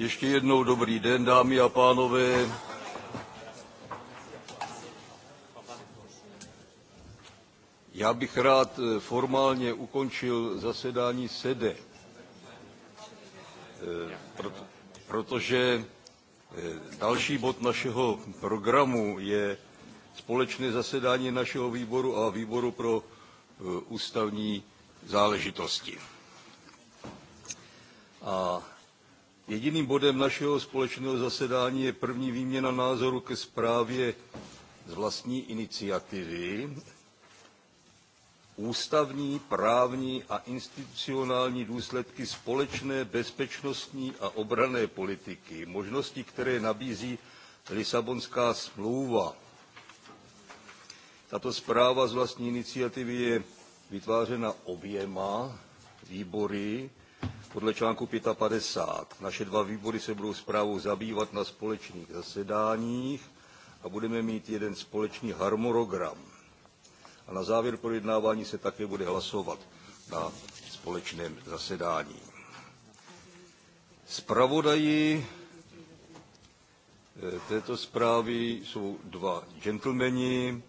Ještě jednou dobrý den, dámy a pánové. Já bych rád eh, formálně ukončil zasedání SEDE, eh, protože eh, další bod našeho programu je společné zasedání našeho výboru a výboru pro ústavní záležitosti. A Jediným bodem našeho společného zasedání je první výměna názoru ke zprávě z vlastní iniciativy ústavní, právní a institucionální důsledky společné bezpečnostní a obranné politiky, možnosti, které nabízí Lisabonská smlouva. Tato zpráva z vlastní iniciativy je vytvářena oběma výbory, podle článku 55 naše dva výbory se budou zprávou zabývat na společných zasedáních a budeme mít jeden společný harmonogram. A na závěr projednávání se také bude hlasovat na společném zasedání. Zpravodaji eh, této zprávy jsou dva gentlemani,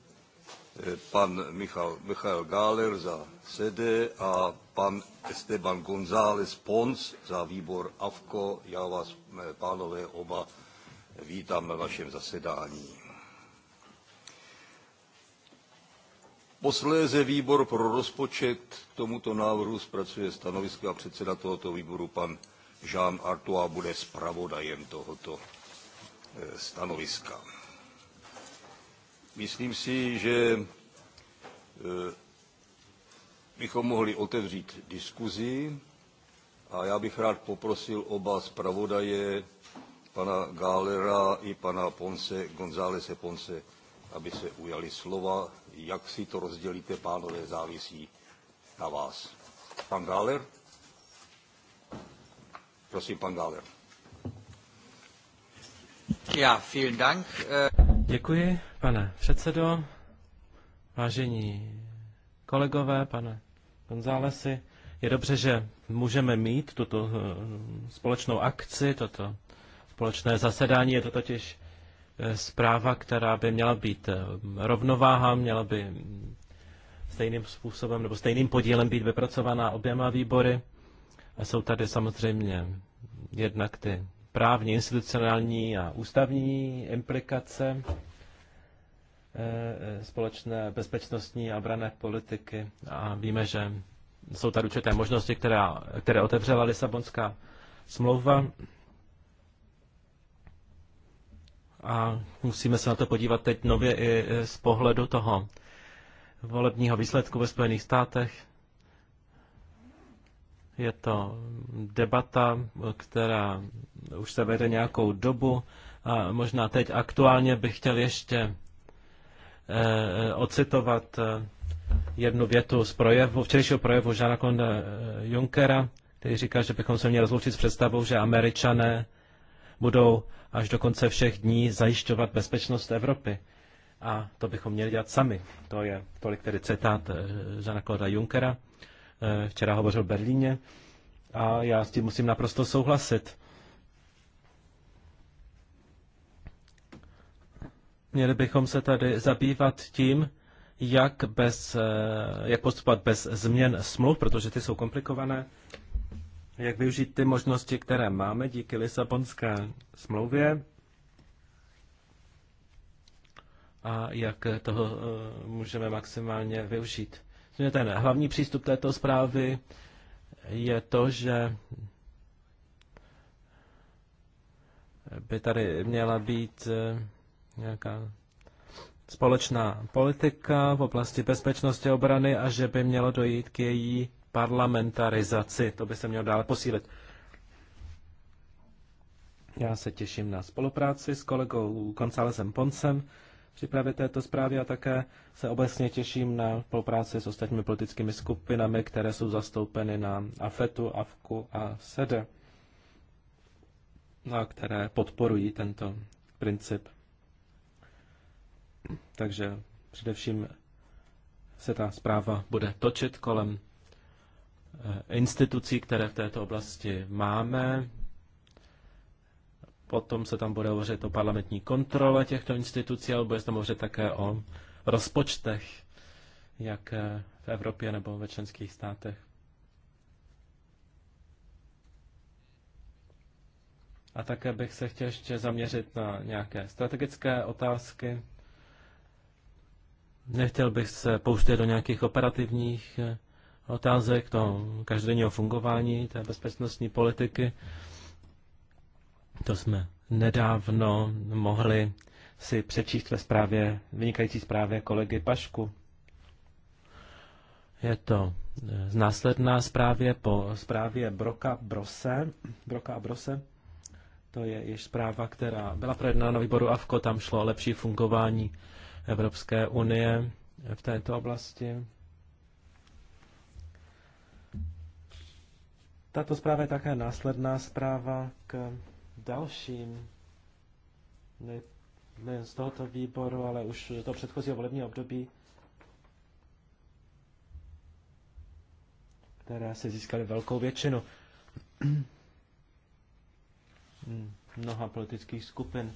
pan Michal, Michal Gáler za CD a pan Esteban González Pons za výbor AVKO. Já vás, eh, pánové, oba vítám na vašem zasedání. Posléze výbor pro rozpočet tomuto návrhu zpracuje stanovisko a předseda tohoto výboru pan Jean Artois bude zpravodajem tohoto eh, stanoviska myslím si, že eh, bychom mohli otevřít diskuzi a já bych rád poprosil oba zpravodaje, pana Gálera i pana Ponce, Gonzálese Ponce, aby se ujali slova. Jak si to rozdělíte, pánové, závisí na vás. Pan Gáler? Prosím, pan Gáler. Ja, vielen Dank. Eh, Děkuji, pane předsedo, vážení kolegové, pane Gonzálesi. Je dobře, že můžeme mít tuto eh, společnou akci, toto společné zasedání. Je to totiž eh, zpráva, která by měla být eh, rovnováha, měla by mm, stejným způsobem nebo stejným podílem být vypracovaná oběma výbory. A jsou tady samozřejmě jednak ty právní, institucionální a ústavní implikace eh, eh, společné bezpečnostní a brané politiky. A víme, že jsou tady určité možnosti, která, které otevřela Lisabonská smlouva. A musíme se na to podívat teď nově i z pohledu toho volebního výsledku ve Spojených státech. Je to debata, která už se vede nějakou dobu a možná teď aktuálně bych chtěl ještě eh, eh ocitovat eh, jednu větu z projevu, včerejšího projevu Žána Konda eh, Junckera, který říká, že bychom se měli rozloučit s představou, že američané budou až do konce všech dní zajišťovat bezpečnost Evropy. A to bychom měli dělat sami. To je tolik tedy citát Žana Klauda Junckera. Eh, včera hovořil v Berlíně a já s tím musím naprosto souhlasit. Měli bychom se tady zabývat tím, jak, bez, eh, jak postupovat bez změn smluv, protože ty jsou komplikované, jak využít ty možnosti, které máme díky Lisabonské smlouvě a jak toho eh, můžeme maximálně využít že vlastně ten hlavní přístup této zprávy je to, že by tady měla být eh, nějaká společná politika v oblasti bezpečnosti a obrany a že by mělo dojít k její parlamentarizaci. To by se mělo dále posílit. Já se těším na spolupráci s kolegou Gonzálezem Poncem přípravě této zprávy a také se obecně těším na spolupráci s ostatními politickými skupinami, které jsou zastoupeny na AFETu, AFKu a SEDE, a které podporují tento princip. Takže především se ta zpráva bude točit kolem eh, institucí, které v této oblasti máme, Potom se tam bude hovořit o parlamentní kontrole těchto institucí, ale bude se tam hovořit také o rozpočtech, jak eh, v Evropě nebo ve členských státech. A také bych se chtěl ještě zaměřit na nějaké strategické otázky. Nechtěl bych se pouštět do nějakých operativních eh, otázek, to každodenního fungování té bezpečnostní politiky. To jsme nedávno mohli si přečíst ve zprávě, vynikající zprávě kolegy Pašku. Je to e, z následná zprávě po zprávě Broka Brose. Broka Brose. To je již zpráva, která byla projednána na výboru AVKO, tam šlo o lepší fungování Evropské unie v této oblasti. Tato zpráva je také následná zpráva k dalším, ne, ne z tohoto výboru, ale už to předchozího volebního období, které se získaly velkou většinu hmm, mnoha politických skupin.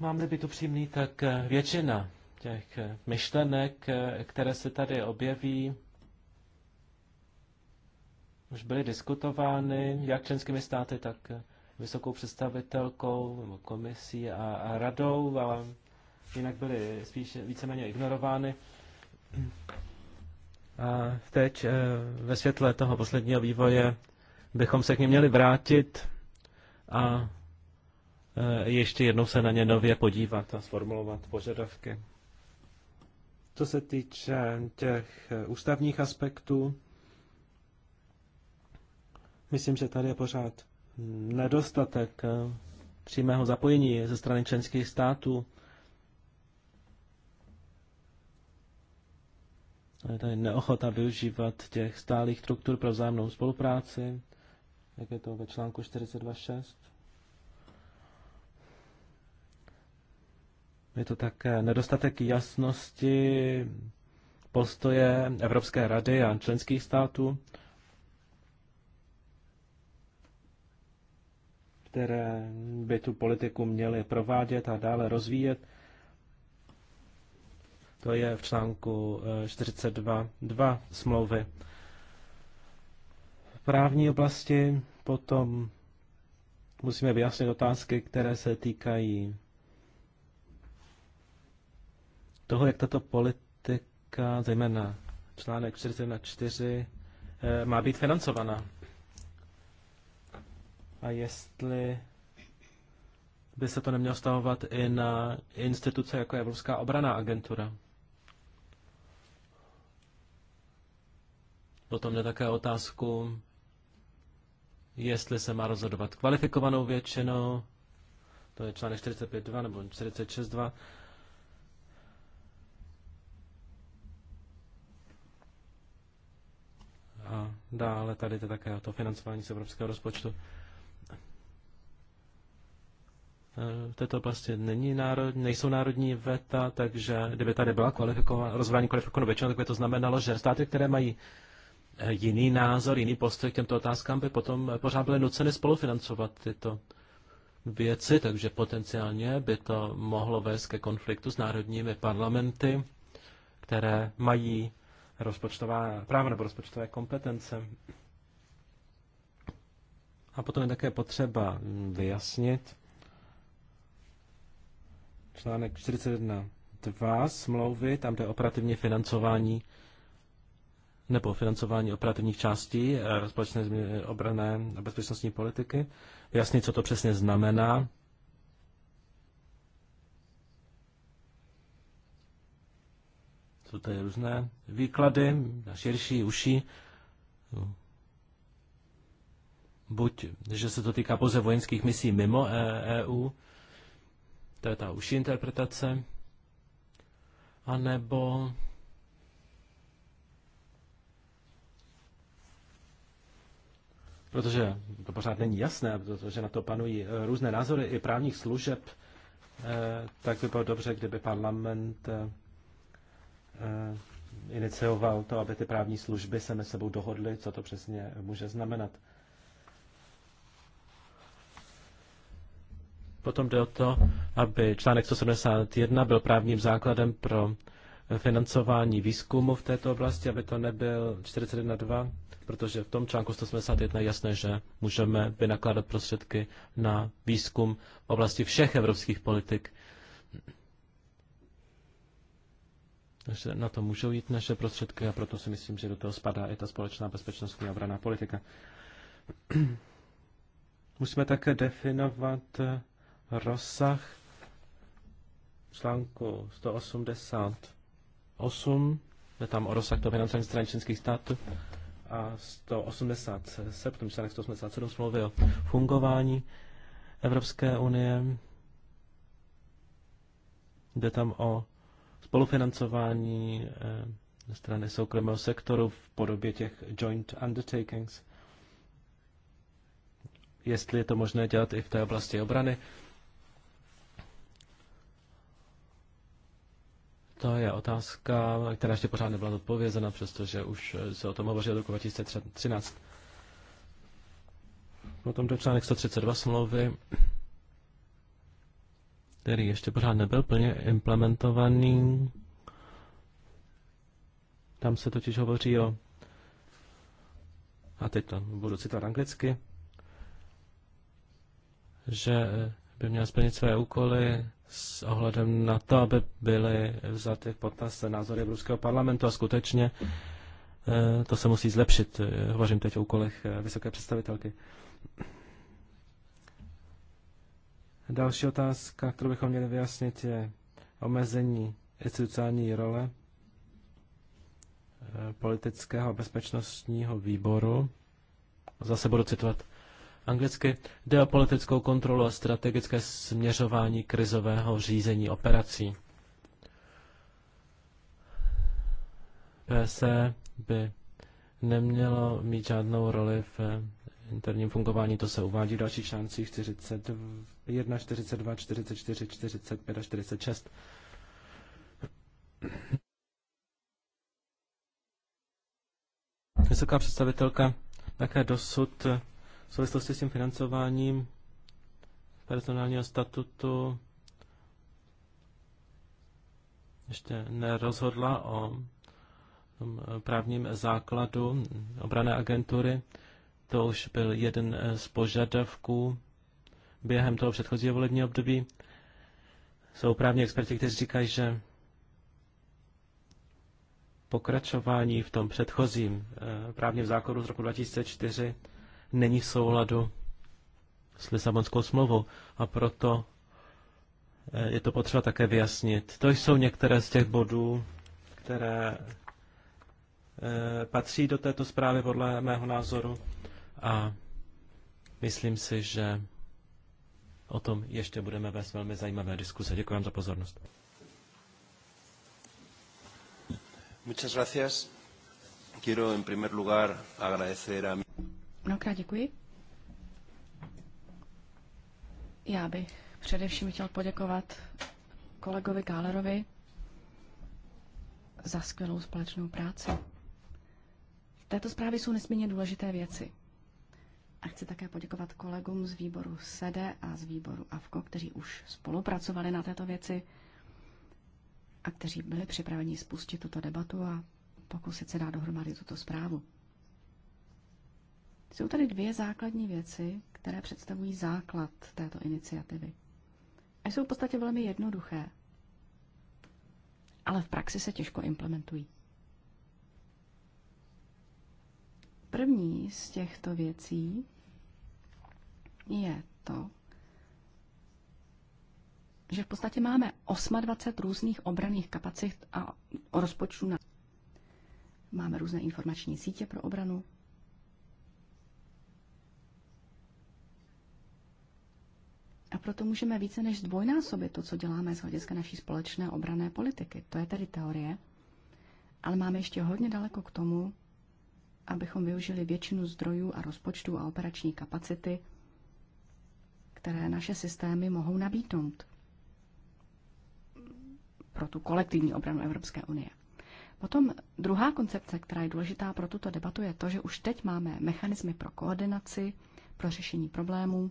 mám být upřímný, tak většina těch myšlenek, které se tady objeví, už byly diskutovány jak členskými státy, tak vysokou představitelkou nebo komisí a, a radou, ale jinak byly spíš víceméně ignorovány. A teď eh, ve světle toho posledního vývoje bychom se k něm měli vrátit a eh, ještě jednou se na ně nově podívat a sformulovat požadavky. Co se týče těch eh, ústavních aspektů, Myslím, že tady je pořád nedostatek eh, přímého zapojení ze strany členských států. Je tady neochota využívat těch stálých struktur pro vzájemnou spolupráci, jak je to ve článku 42.6. Je to také nedostatek jasnosti postoje Evropské rady a členských států. které by tu politiku měly provádět a dále rozvíjet. To je v článku 42.2 eh, smlouvy. V právní oblasti potom musíme vyjasnit otázky, které se týkají toho, jak tato politika, zejména článek 4.4, eh, má být financovaná a jestli by se to nemělo stavovat i na instituce jako je Evropská obraná agentura. Potom je také otázku, jestli se má rozhodovat kvalifikovanou většinou, to je článek 45.2 nebo 46.2, A dále tady je také o to financování z evropského rozpočtu v této oblasti není národ, nejsou národní veta, takže kdyby tady byla kvalifikovaná, rozvolání kvalifikovanou většinou, tak by to znamenalo, že státy, které mají eh, jiný názor, jiný postoj k těmto otázkám, by potom eh, pořád byly nuceny spolufinancovat tyto věci, takže potenciálně by to mohlo vést ke konfliktu s národními parlamenty, které mají rozpočtová práva nebo rozpočtové kompetence. A potom je také potřeba vyjasnit, článek 41.2 smlouvy, tam jde operativně financování nebo financování operativních částí eh, společné obrané a bezpečnostní politiky. Jasně, co to přesně znamená. Jsou tady různé výklady, na širší, uší. No. Buď, že se to týká pouze vojenských misí mimo EU, eh, e to je ta užší interpretace, anebo protože to pořád není jasné, protože na to panují eh, různé názory i právních služeb, eh, tak by bylo dobře, kdyby parlament eh, inicioval to, aby ty právní služby se mezi sebou dohodly, co to přesně může znamenat. Potom jde o to, aby článek 171 byl právním základem pro financování výzkumu v této oblasti, aby to nebyl 41.2, protože v tom článku 171 je jasné, že můžeme vynakládat prostředky na výzkum v oblasti všech evropských politik. Takže na to můžou jít naše prostředky a proto si myslím, že do toho spadá i ta společná bezpečnostní a obraná politika. Musíme také definovat rozsah článku 188, je tam o rozsah toho financování strany členských států, a 187, potom článek 187 smlouvy o fungování Evropské unie. Jde tam o spolufinancování eh, ze strany soukromého sektoru v podobě těch joint undertakings. Jestli je to možné dělat i v té oblasti obrany. To je otázka, která ještě pořád nebyla odpovězena, přestože už se o tom hovoří od roku 2013. Potom do článek 132 smlouvy, který ještě pořád nebyl plně implementovaný. Tam se totiž hovoří o a teď to budu citovat anglicky, že by měl splnit své úkoly s ohledem na to, aby byly vzaty v potaz názory Evropského parlamentu a skutečně eh, to se musí zlepšit. Eh, hovořím teď o úkolech eh, vysoké představitelky. Další otázka, kterou bychom měli vyjasnit, je omezení institucionální role politického bezpečnostního výboru. Zase budu citovat anglicky, jde o politickou kontrolu a strategické směřování krizového řízení operací. PSE by nemělo mít žádnou roli v eh, interním fungování, to se uvádí v dalších článcích 41, 42, 44, 45 a 46. Vysoká představitelka také dosud v souvislosti s tím financováním personálního statutu ještě nerozhodla o právním základu obrané agentury. To už byl jeden z požadavků během toho předchozího volebního období. Jsou právní experti, kteří říkají, že pokračování v tom předchozím eh, právním základu z roku 2004 není v souladu s Lisabonskou smlouvou a proto eh, je to potřeba také vyjasnit. To jsou některé z těch bodů, které eh, patří do této zprávy podle mého názoru a myslím si, že o tom ještě budeme vést velmi zajímavé diskuse. Děkuji vám za pozornost. Muchas gracias. Quiero en primer lugar agradecer a Mnohokrát děkuji. Já bych především chtěl poděkovat kolegovi Gálerovi za skvělou společnou práci. V této zprávě jsou nesmírně důležité věci. A chci také poděkovat kolegům z výboru SEDE a z výboru AVKO, kteří už spolupracovali na této věci a kteří byli připraveni spustit tuto debatu a pokusit se dát dohromady tuto zprávu. Jsou tady dvě základní věci, které představují základ této iniciativy. A jsou v podstatě velmi jednoduché, ale v praxi se těžko implementují. První z těchto věcí je to, že v podstatě máme 28 různých obraných kapacit a rozpočtů na. Máme různé informační sítě pro obranu, A proto můžeme více než zdvojnásobit to, co děláme z hlediska naší společné obrané politiky. To je tedy teorie. Ale máme ještě hodně daleko k tomu, abychom využili většinu zdrojů a rozpočtu a operační kapacity, které naše systémy mohou nabídnout pro tu kolektivní obranu Evropské unie. Potom druhá koncepce, která je důležitá pro tuto debatu, je to, že už teď máme mechanismy pro koordinaci, pro řešení problémů,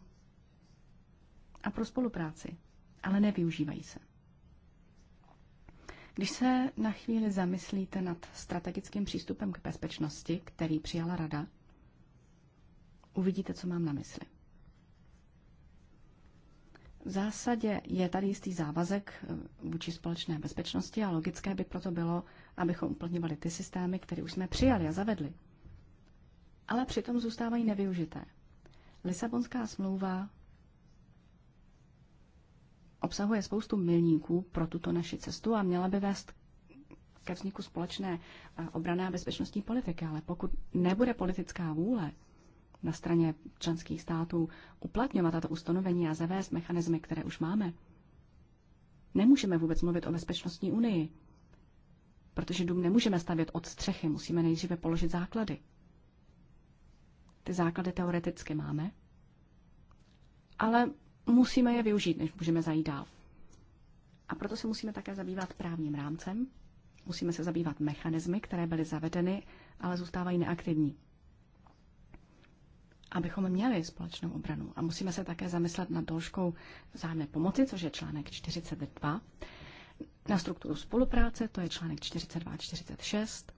a pro spolupráci, ale nevyužívají se. Když se na chvíli zamyslíte nad strategickým přístupem k bezpečnosti, který přijala Rada, uvidíte, co mám na mysli. V zásadě je tady jistý závazek eh, vůči společné bezpečnosti a logické by proto bylo, abychom uplňovali ty systémy, které už jsme přijali a zavedli. Ale přitom zůstávají nevyužité. Lisabonská smlouva obsahuje spoustu milníků pro tuto naši cestu a měla by vést ke vzniku společné eh, obrané a bezpečnostní politiky. Ale pokud nebude politická vůle na straně členských států uplatňovat tato ustanovení a zavést mechanismy, které už máme, nemůžeme vůbec mluvit o bezpečnostní unii, protože dům nemůžeme stavět od střechy, musíme nejdříve položit základy. Ty základy teoreticky máme, ale musíme je využít, než můžeme zajít dál. A proto se musíme také zabývat právním rámcem, musíme se zabývat mechanismy, které byly zavedeny, ale zůstávají neaktivní. Abychom měli společnou obranu. A musíme se také zamyslet nad doložkou vzájemné pomoci, což je článek 42, na strukturu spolupráce, to je článek 42 a 46,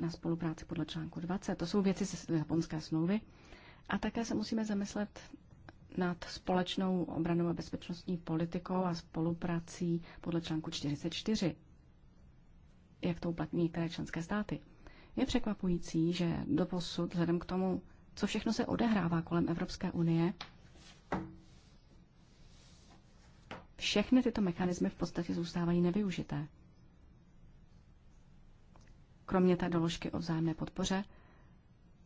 na spolupráci podle článku 20, to jsou věci z japonské smlouvy. A také se musíme zamyslet nad společnou obranou a bezpečnostní politikou a spoluprací podle článku 44, jak to uplatní některé členské státy. Je překvapující, že doposud, vzhledem k tomu, co všechno se odehrává kolem Evropské unie, všechny tyto mechanismy v podstatě zůstávají nevyužité. Kromě té doložky o vzájemné podpoře,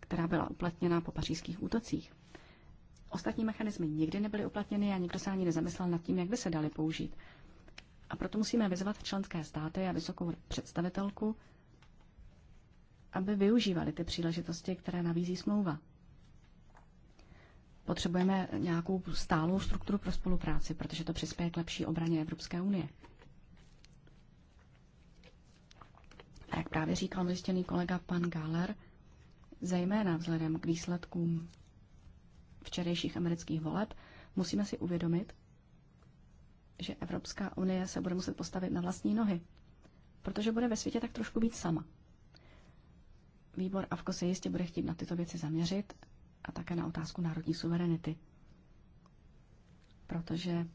která byla uplatněna po pařížských útocích. Ostatní mechanismy nikdy nebyly uplatněny a nikdo se ani nezamyslel nad tím, jak by se daly použít. A proto musíme vyzvat členské státy a vysokou představitelku, aby využívali ty příležitosti, které nabízí smlouva. Potřebujeme nějakou stálou strukturu pro spolupráci, protože to přispěje k lepší obraně Evropské unie. A jak právě říkal vystěný kolega pan Galer, zejména vzhledem k výsledkům včerejších amerických voleb, musíme si uvědomit, že Evropská unie se bude muset postavit na vlastní nohy, protože bude ve světě tak trošku být sama. Výbor AVKO se jistě bude chtít na tyto věci zaměřit a také na otázku národní suverenity, protože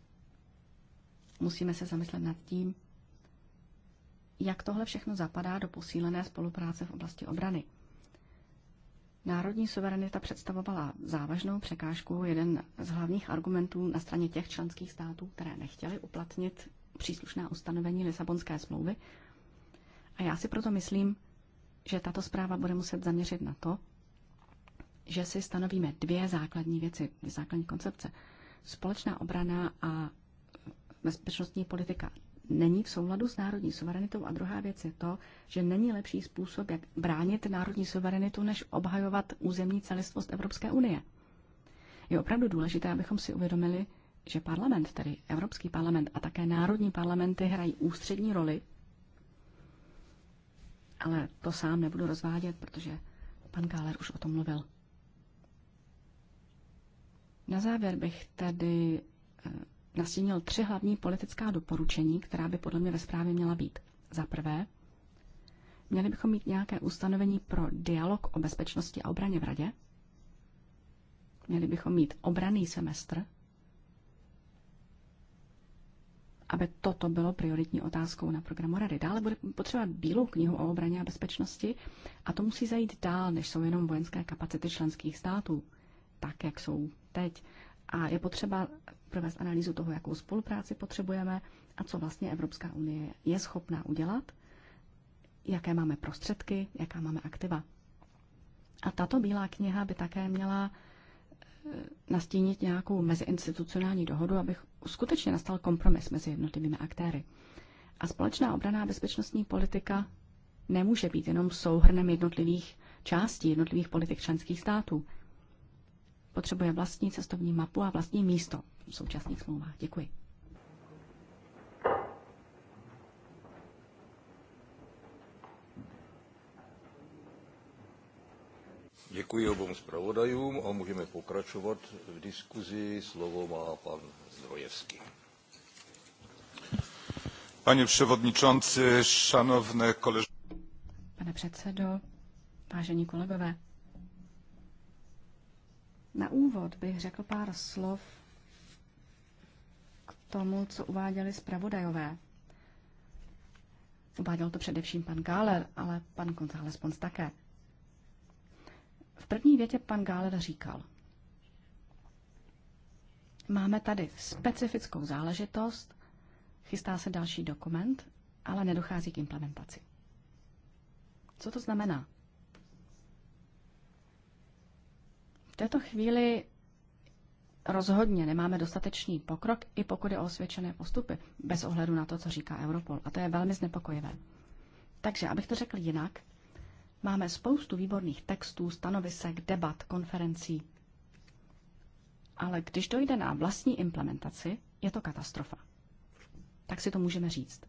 musíme se zamyslet nad tím, jak tohle všechno zapadá do posílené spolupráce v oblasti obrany. Národní suverenita představovala závažnou překážku, jeden z hlavních argumentů na straně těch členských států, které nechtěly uplatnit příslušná ustanovení Lisabonské smlouvy. A já si proto myslím, že tato zpráva bude muset zaměřit na to, že si stanovíme dvě základní věci, dvě základní koncepce. Společná obrana a bezpečnostní politika není v souladu s národní suverenitou. A druhá věc je to, že není lepší způsob, jak bránit národní suverenitu, než obhajovat územní celistvost Evropské unie. Je opravdu důležité, abychom si uvědomili, že parlament, tedy Evropský parlament a také národní parlamenty hrají ústřední roli, ale to sám nebudu rozvádět, protože pan Káler už o tom mluvil. Na závěr bych tedy eh, nastínil tři hlavní politická doporučení, která by podle mě ve zprávě měla být. Za prvé, měli bychom mít nějaké ustanovení pro dialog o bezpečnosti a obraně v radě. Měli bychom mít obraný semestr, aby toto bylo prioritní otázkou na programu Rady. Dále bude potřeba bílou knihu o obraně a bezpečnosti a to musí zajít dál, než jsou jenom vojenské kapacity členských států, tak jak jsou teď. A je potřeba provést analýzu toho, jakou spolupráci potřebujeme a co vlastně Evropská unie je schopná udělat, jaké máme prostředky, jaká máme aktiva. A tato bílá kniha by také měla eh, nastínit nějakou meziinstitucionální dohodu, abych skutečně nastal kompromis mezi jednotlivými aktéry. A společná obraná bezpečnostní politika nemůže být jenom souhrnem jednotlivých částí, jednotlivých politik členských států potřebuje vlastní cestovní mapu a vlastní místo v současných smlouvách. Děkuji. Děkuji obou zpravodajům a můžeme pokračovat v diskuzi. Slovo má pan Zdrojevský. Pane předsedající, Pane předsedo, vážení kolegové, na úvod bych řekl pár slov k tomu, co uváděli zpravodajové. Uváděl to především pan Gáler, ale pan González Pons také. V první větě pan Gáler říkal, máme tady specifickou záležitost, chystá se další dokument, ale nedochází k implementaci. Co to znamená? V této chvíli rozhodně nemáme dostatečný pokrok, i pokud je o osvědčené postupy, bez ohledu na to, co říká Europol. A to je velmi znepokojivé. Takže, abych to řekl jinak, máme spoustu výborných textů, stanovisek, debat, konferencí. Ale když dojde na vlastní implementaci, je to katastrofa. Tak si to můžeme říct.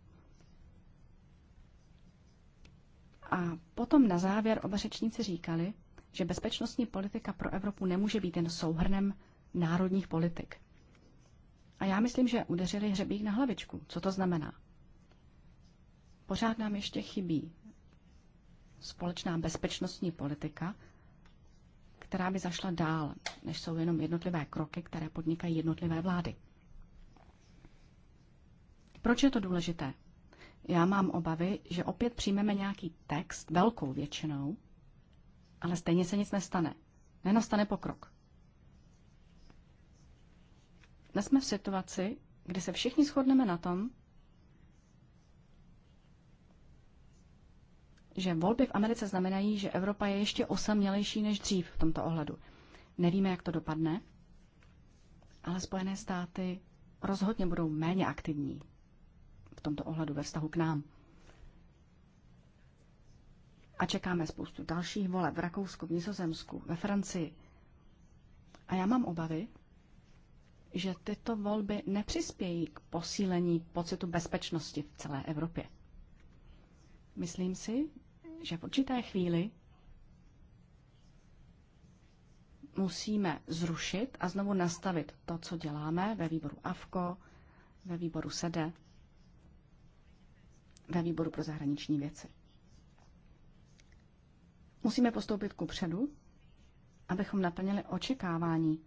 A potom na závěr oba řečníci říkali, že bezpečnostní politika pro Evropu nemůže být jen souhrnem národních politik. A já myslím, že udeřili hřebík na hlavičku. Co to znamená? Pořád nám ještě chybí společná bezpečnostní politika, která by zašla dál, než jsou jenom jednotlivé kroky, které podnikají jednotlivé vlády. Proč je to důležité? Já mám obavy, že opět přijmeme nějaký text velkou většinou, ale stejně se nic nestane. Nenastane pokrok. Dnes jsme v situaci, kdy se všichni shodneme na tom, že volby v Americe znamenají, že Evropa je ještě osamělejší než dřív v tomto ohledu. Nevíme, jak to dopadne, ale Spojené státy rozhodně budou méně aktivní v tomto ohledu ve vztahu k nám. A čekáme spoustu dalších voleb v Rakousku, v Nizozemsku, ve Francii. A já mám obavy, že tyto volby nepřispějí k posílení pocitu bezpečnosti v celé Evropě. Myslím si, že v určité chvíli musíme zrušit a znovu nastavit to, co děláme ve výboru AFKO, ve výboru SEDE, e, ve výboru pro zahraniční věci. Musíme postoupit ku předu, abychom naplnili očekávání.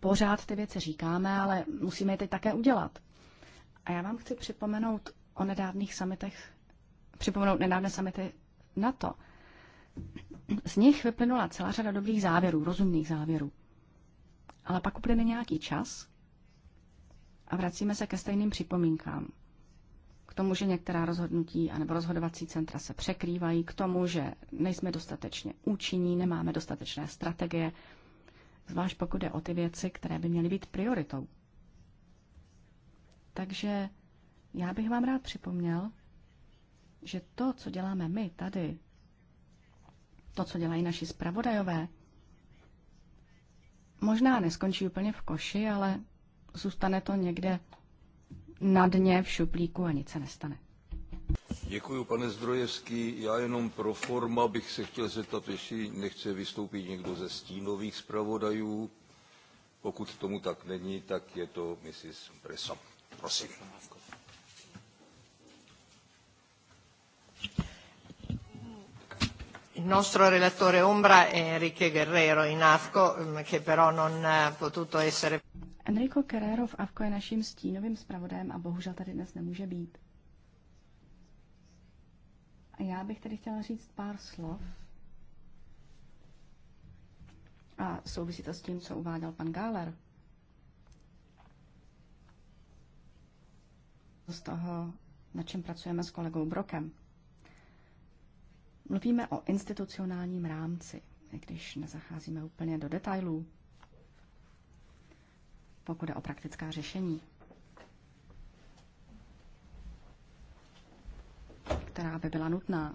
Pořád ty věci říkáme, ale musíme je teď také udělat. A já vám chci připomenout o nedávných samitech, připomenout nedávné samity NATO. Z nich vyplynula celá řada dobrých závěrů, rozumných závěrů. Ale pak uplyne nějaký čas a vracíme se ke stejným připomínkám – tomu, že některá rozhodnutí anebo rozhodovací centra se překrývají, k tomu, že nejsme dostatečně účinní, nemáme dostatečné strategie, zvlášť pokud jde o ty věci, které by měly být prioritou. Takže já bych vám rád připomněl, že to, co děláme my tady, to, co dělají naši zpravodajové, možná neskončí úplně v koši, ale zůstane to někde na dně v šuplíku a nic se nestane. Děkuji, pane Zdrojevský. Já jenom pro forma bych se chtěl zeptat, jestli nechce vystoupit někdo ze stínových zpravodajů. Pokud tomu tak není, tak je to Mrs. Breso. Prosím. Il nostro relatore ombra è Enrique Guerrero in AFCO, che però non ha potuto essere... Enrico Carrero v Avko je naším stínovým zpravodajem a bohužel tady dnes nemůže být. A já bych tady chtěla říct pár slov a souvisí to s tím, co uváděl pan Gáler. Z toho, na čem pracujeme s kolegou Brokem. Mluvíme o institucionálním rámci, i když nezacházíme úplně do detailů pokud je o praktická řešení, která by byla nutná,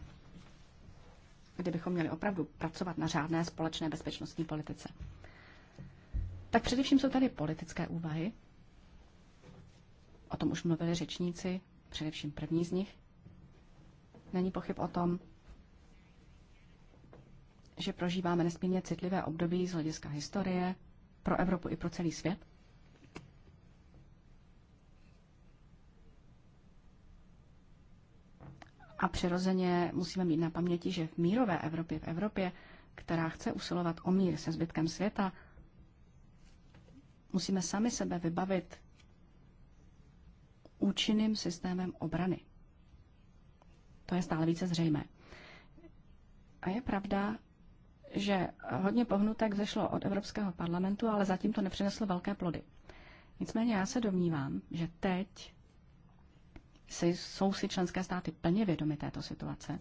kdybychom měli opravdu pracovat na řádné společné bezpečnostní politice. Tak především jsou tady politické úvahy. O tom už mluvili řečníci, především první z nich. Není pochyb o tom, že prožíváme nesmírně citlivé období z hlediska historie pro Evropu i pro celý svět. A přirozeně musíme mít na paměti, že v mírové Evropě, v Evropě, která chce usilovat o mír se zbytkem světa, musíme sami sebe vybavit účinným systémem obrany. To je stále více zřejmé. A je pravda, že hodně pohnutek zešlo od Evropského parlamentu, ale zatím to nepřineslo velké plody. Nicméně já se domnívám, že teď jsou si členské státy plně vědomy této situace?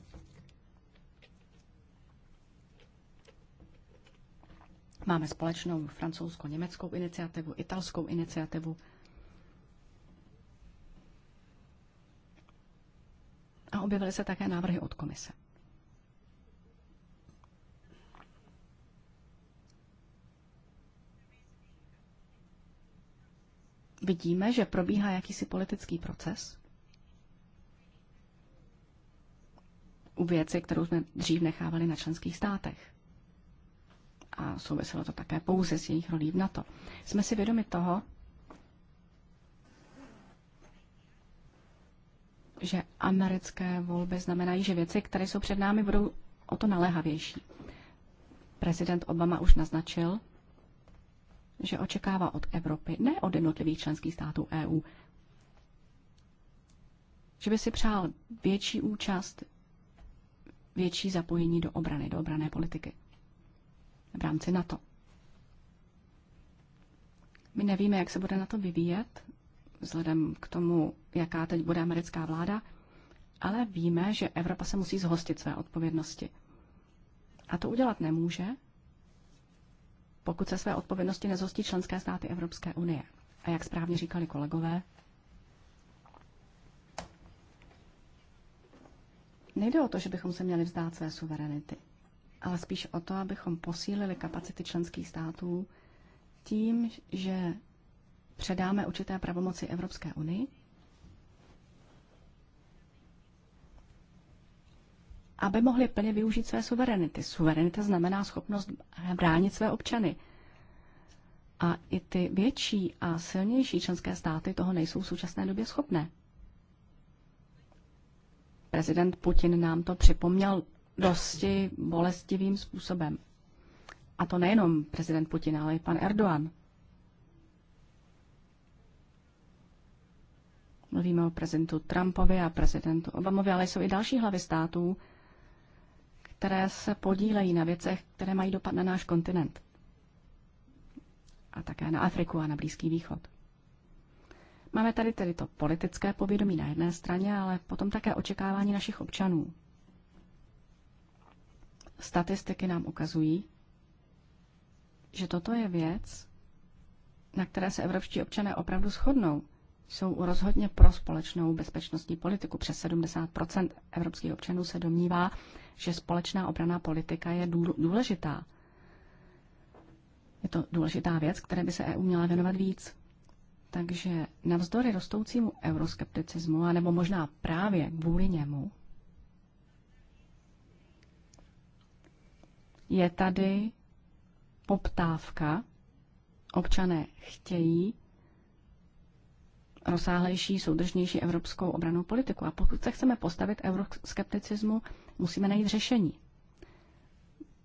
Máme společnou francouzskou, německou iniciativu, italskou iniciativu. A objevily se také návrhy od komise. Vidíme, že probíhá jakýsi politický proces, u věci, kterou jsme dřív nechávali na členských státech. A souviselo to také pouze s jejich rolí v NATO. Jsme si vědomi toho, že americké volby znamenají, že věci, které jsou před námi, budou o to naléhavější. Prezident Obama už naznačil, že očekává od Evropy, ne od jednotlivých členských států EU, že by si přál větší účast, větší zapojení do obrany, do obrané politiky v rámci NATO. My nevíme, jak se bude na to vyvíjet, vzhledem k tomu, jaká teď bude americká vláda, ale víme, že Evropa se musí zhostit své odpovědnosti. A to udělat nemůže, pokud se své odpovědnosti nezhostí členské státy Evropské unie. A jak správně říkali kolegové, Nejde o to, že bychom se měli vzdát své suverenity, ale spíš o to, abychom posílili kapacity členských států tím, že předáme určité pravomoci Evropské unii aby mohli plně využít své suverenity. Suverenita znamená schopnost bránit své občany. A i ty větší a silnější členské státy toho nejsou v současné době schopné. Prezident Putin nám to připomněl dosti bolestivým způsobem. A to nejenom prezident Putin, ale i pan Erdogan. Mluvíme o prezidentu Trumpovi a prezidentu Obamovi, ale jsou i další hlavy států, které se podílejí na věcech, které mají dopad na náš kontinent. A také na Afriku a na Blízký východ. Máme tady tedy to politické povědomí na jedné straně, ale potom také očekávání našich občanů. Statistiky nám ukazují, že toto je věc, na které se evropští občané opravdu shodnou. Jsou rozhodně pro společnou bezpečnostní politiku. Přes 70 evropských občanů se domnívá, že společná obraná politika je důležitá. Je to důležitá věc, které by se EU měla věnovat víc. Takže navzdory rostoucímu euroskepticismu, anebo možná právě kvůli němu, je tady poptávka. Občané chtějí rozsáhlejší, soudržnější evropskou obranou politiku. A pokud se chceme postavit euroskepticismu, musíme najít řešení.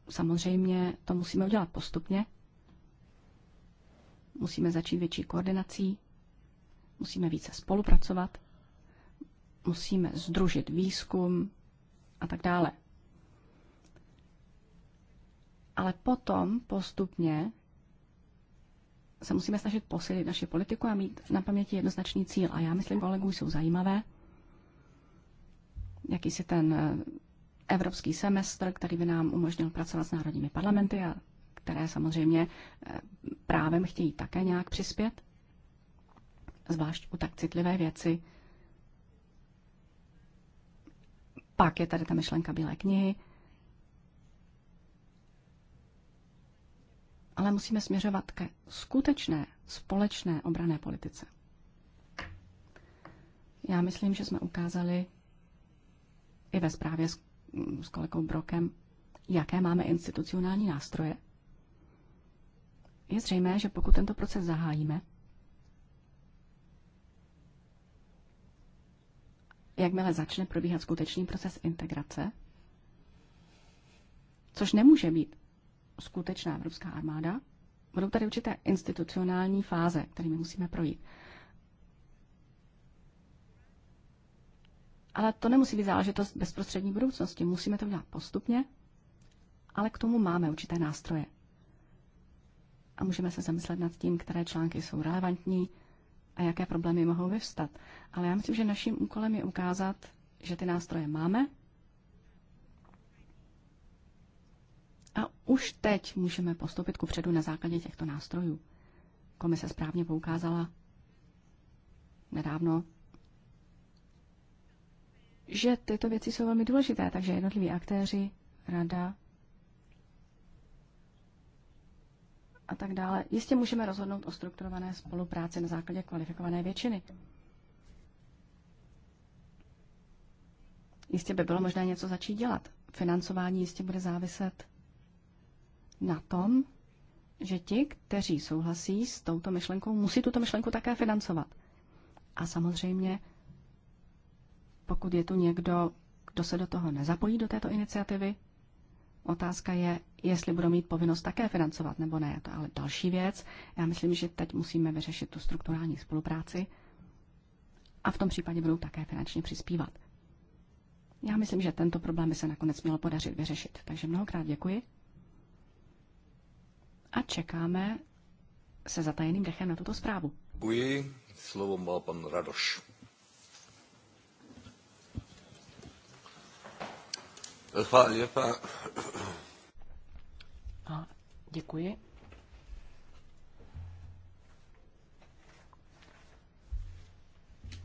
Samozřejmě to musíme udělat postupně, Musíme začít větší koordinací, musíme více spolupracovat, musíme združit výzkum a tak dále. Ale potom postupně se musíme snažit posilit naši politiku a mít na paměti jednoznačný cíl. A já myslím, kolegů jsou zajímavé, jaký ten eh, evropský semestr, který by nám umožnil pracovat s národními parlamenty a které samozřejmě eh, právem chtějí také nějak přispět, zvlášť u tak citlivé věci. Pak je tady ta myšlenka Bílé knihy. Ale musíme směřovat ke skutečné společné obrané politice. Já myslím, že jsme ukázali i ve zprávě s, s kolegou Brokem, jaké máme institucionální nástroje. Je zřejmé, že pokud tento proces zahájíme, jakmile začne probíhat skutečný proces integrace, což nemůže být skutečná evropská armáda, budou tady určité institucionální fáze, kterými musíme projít. Ale to nemusí být záležitost bezprostřední budoucnosti. Musíme to dělat postupně, ale k tomu máme určité nástroje a můžeme se zamyslet nad tím, které články jsou relevantní a jaké problémy mohou vyvstat. Ale já myslím, že naším úkolem je ukázat, že ty nástroje máme a už teď můžeme postoupit ku předu na základě těchto nástrojů. Komise správně poukázala nedávno, že tyto věci jsou velmi důležité, takže jednotliví aktéři, rada, a tak dále, jistě můžeme rozhodnout o strukturované spolupráci na základě kvalifikované většiny. Jistě by bylo možné něco začít dělat. Financování jistě bude záviset na tom, že ti, kteří souhlasí s touto myšlenkou, musí tuto myšlenku také financovat. A samozřejmě, pokud je tu někdo, kdo se do toho nezapojí, do této iniciativy, otázka je, jestli budou mít povinnost také financovat nebo ne, to je ale další věc. Já myslím, že teď musíme vyřešit tu strukturální spolupráci a v tom případě budou také finančně přispívat. Já myslím, že tento problém by se nakonec mělo podařit vyřešit. Takže mnohokrát děkuji a čekáme se zatajeným dechem na tuto zprávu. Děkuji. Slovo má pan Radoš. Hvala lijepa. A děkuji.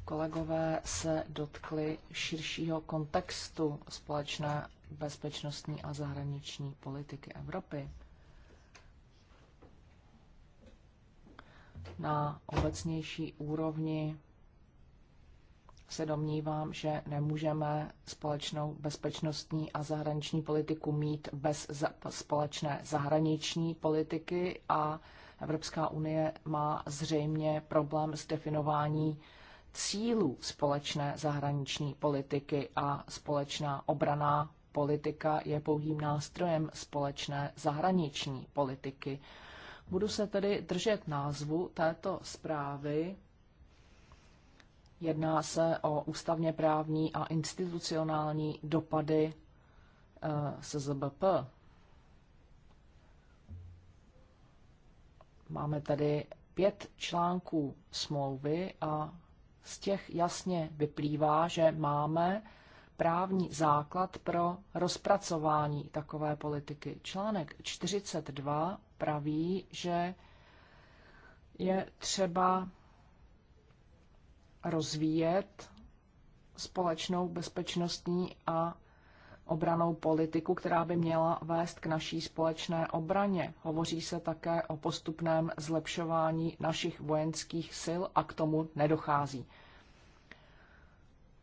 Kolegové se dotkli širšího kontextu společné bezpečnostní a zahraniční politiky Evropy. Na obecnější úrovni se domnívám, že nemůžeme společnou bezpečnostní a zahraniční politiku mít bez za, společné zahraniční politiky a Evropská unie má zřejmě problém s definování cílů společné zahraniční politiky a společná obraná politika je pouhým nástrojem společné zahraniční politiky. Budu se tedy držet názvu této zprávy Jedná se o ústavně právní a institucionální dopady eh, se ZBP. Máme tady pět článků smlouvy a z těch jasně vyplývá, že máme právní základ pro rozpracování takové politiky. Článek 42 praví, že je třeba rozvíjet společnou bezpečnostní a obranou politiku, která by měla vést k naší společné obraně. Hovoří se také o postupném zlepšování našich vojenských sil a k tomu nedochází.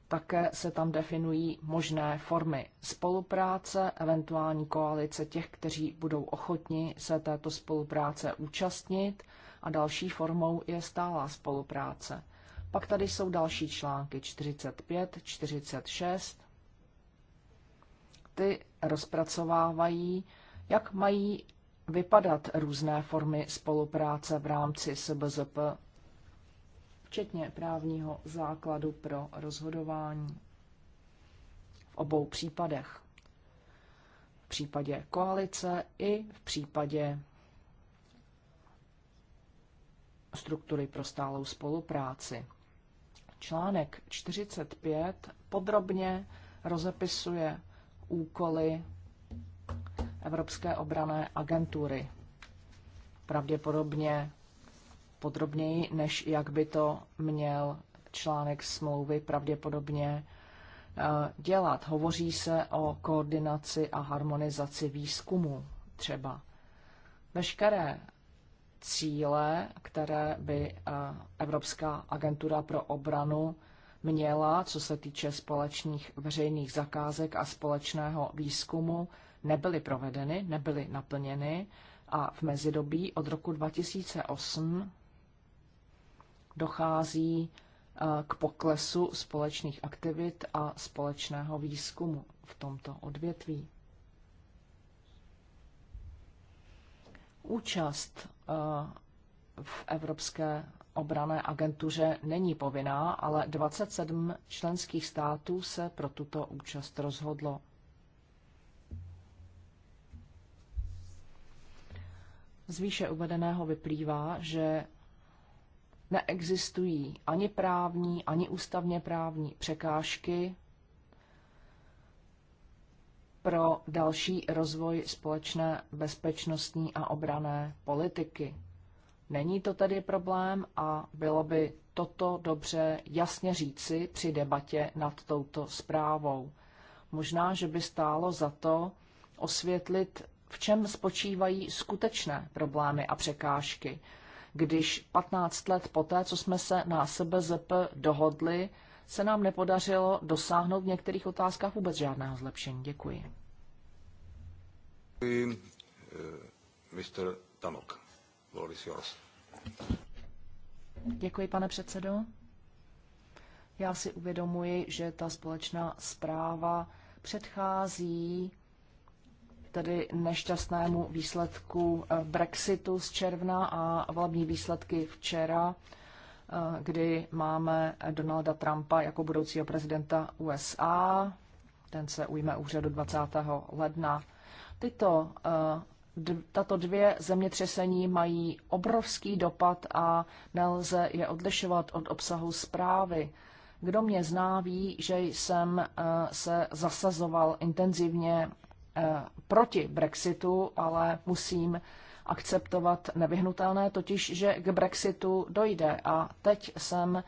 Také se tam definují možné formy spolupráce, eventuální koalice těch, kteří budou ochotni se této spolupráce účastnit a další formou je stálá spolupráce. Pak tady jsou další články 45, 46. Ty rozpracovávají, jak mají vypadat různé formy spolupráce v rámci SBZP, včetně právního základu pro rozhodování v obou případech. V případě koalice i v případě struktury pro stálou spolupráci. Článek 45 podrobně rozepisuje úkoly Evropské obrané agentury. Pravděpodobně podrobněji, než jak by to měl článek smlouvy pravděpodobně eh, dělat. Hovoří se o koordinaci a harmonizaci výzkumu třeba. Veškeré cíle, které by eh, Evropská agentura pro obranu měla, co se týče společných veřejných zakázek a společného výzkumu, nebyly provedeny, nebyly naplněny a v mezidobí od roku 2008 dochází eh, k poklesu společných aktivit a společného výzkumu v tomto odvětví. Účast eh, v Evropské obrané agentuře není povinná, ale 27 členských států se pro tuto účast rozhodlo. Z výše uvedeného vyplývá, že neexistují ani právní, ani ústavně právní překážky pro další rozvoj společné bezpečnostní a obrané politiky. Není to tedy problém a bylo by toto dobře jasně říci při debatě nad touto zprávou. Možná, že by stálo za to osvětlit, v čem spočívají skutečné problémy a překážky, když 15 let poté, co jsme se na sebe dohodli, se nám nepodařilo dosáhnout v některých otázkách vůbec žádného zlepšení. Děkuji. Děkuji, eh, Mr. Tanok. Floor is yours. Děkuji, pane předsedo. Já si uvědomuji, že ta společná zpráva předchází tedy nešťastnému výsledku eh, Brexitu z června a volební výsledky včera, eh, kdy máme Donalda Trumpa jako budoucího prezidenta USA. Ten se ujme úřadu 20. ledna Tyto, eh, tato dvě zemětřesení mají obrovský dopad a nelze je odlišovat od obsahu zprávy. Kdo mě zná, ví, že jsem eh, se zasazoval intenzivně eh, proti Brexitu, ale musím akceptovat nevyhnutelné, totiž, že k Brexitu dojde. A teď jsem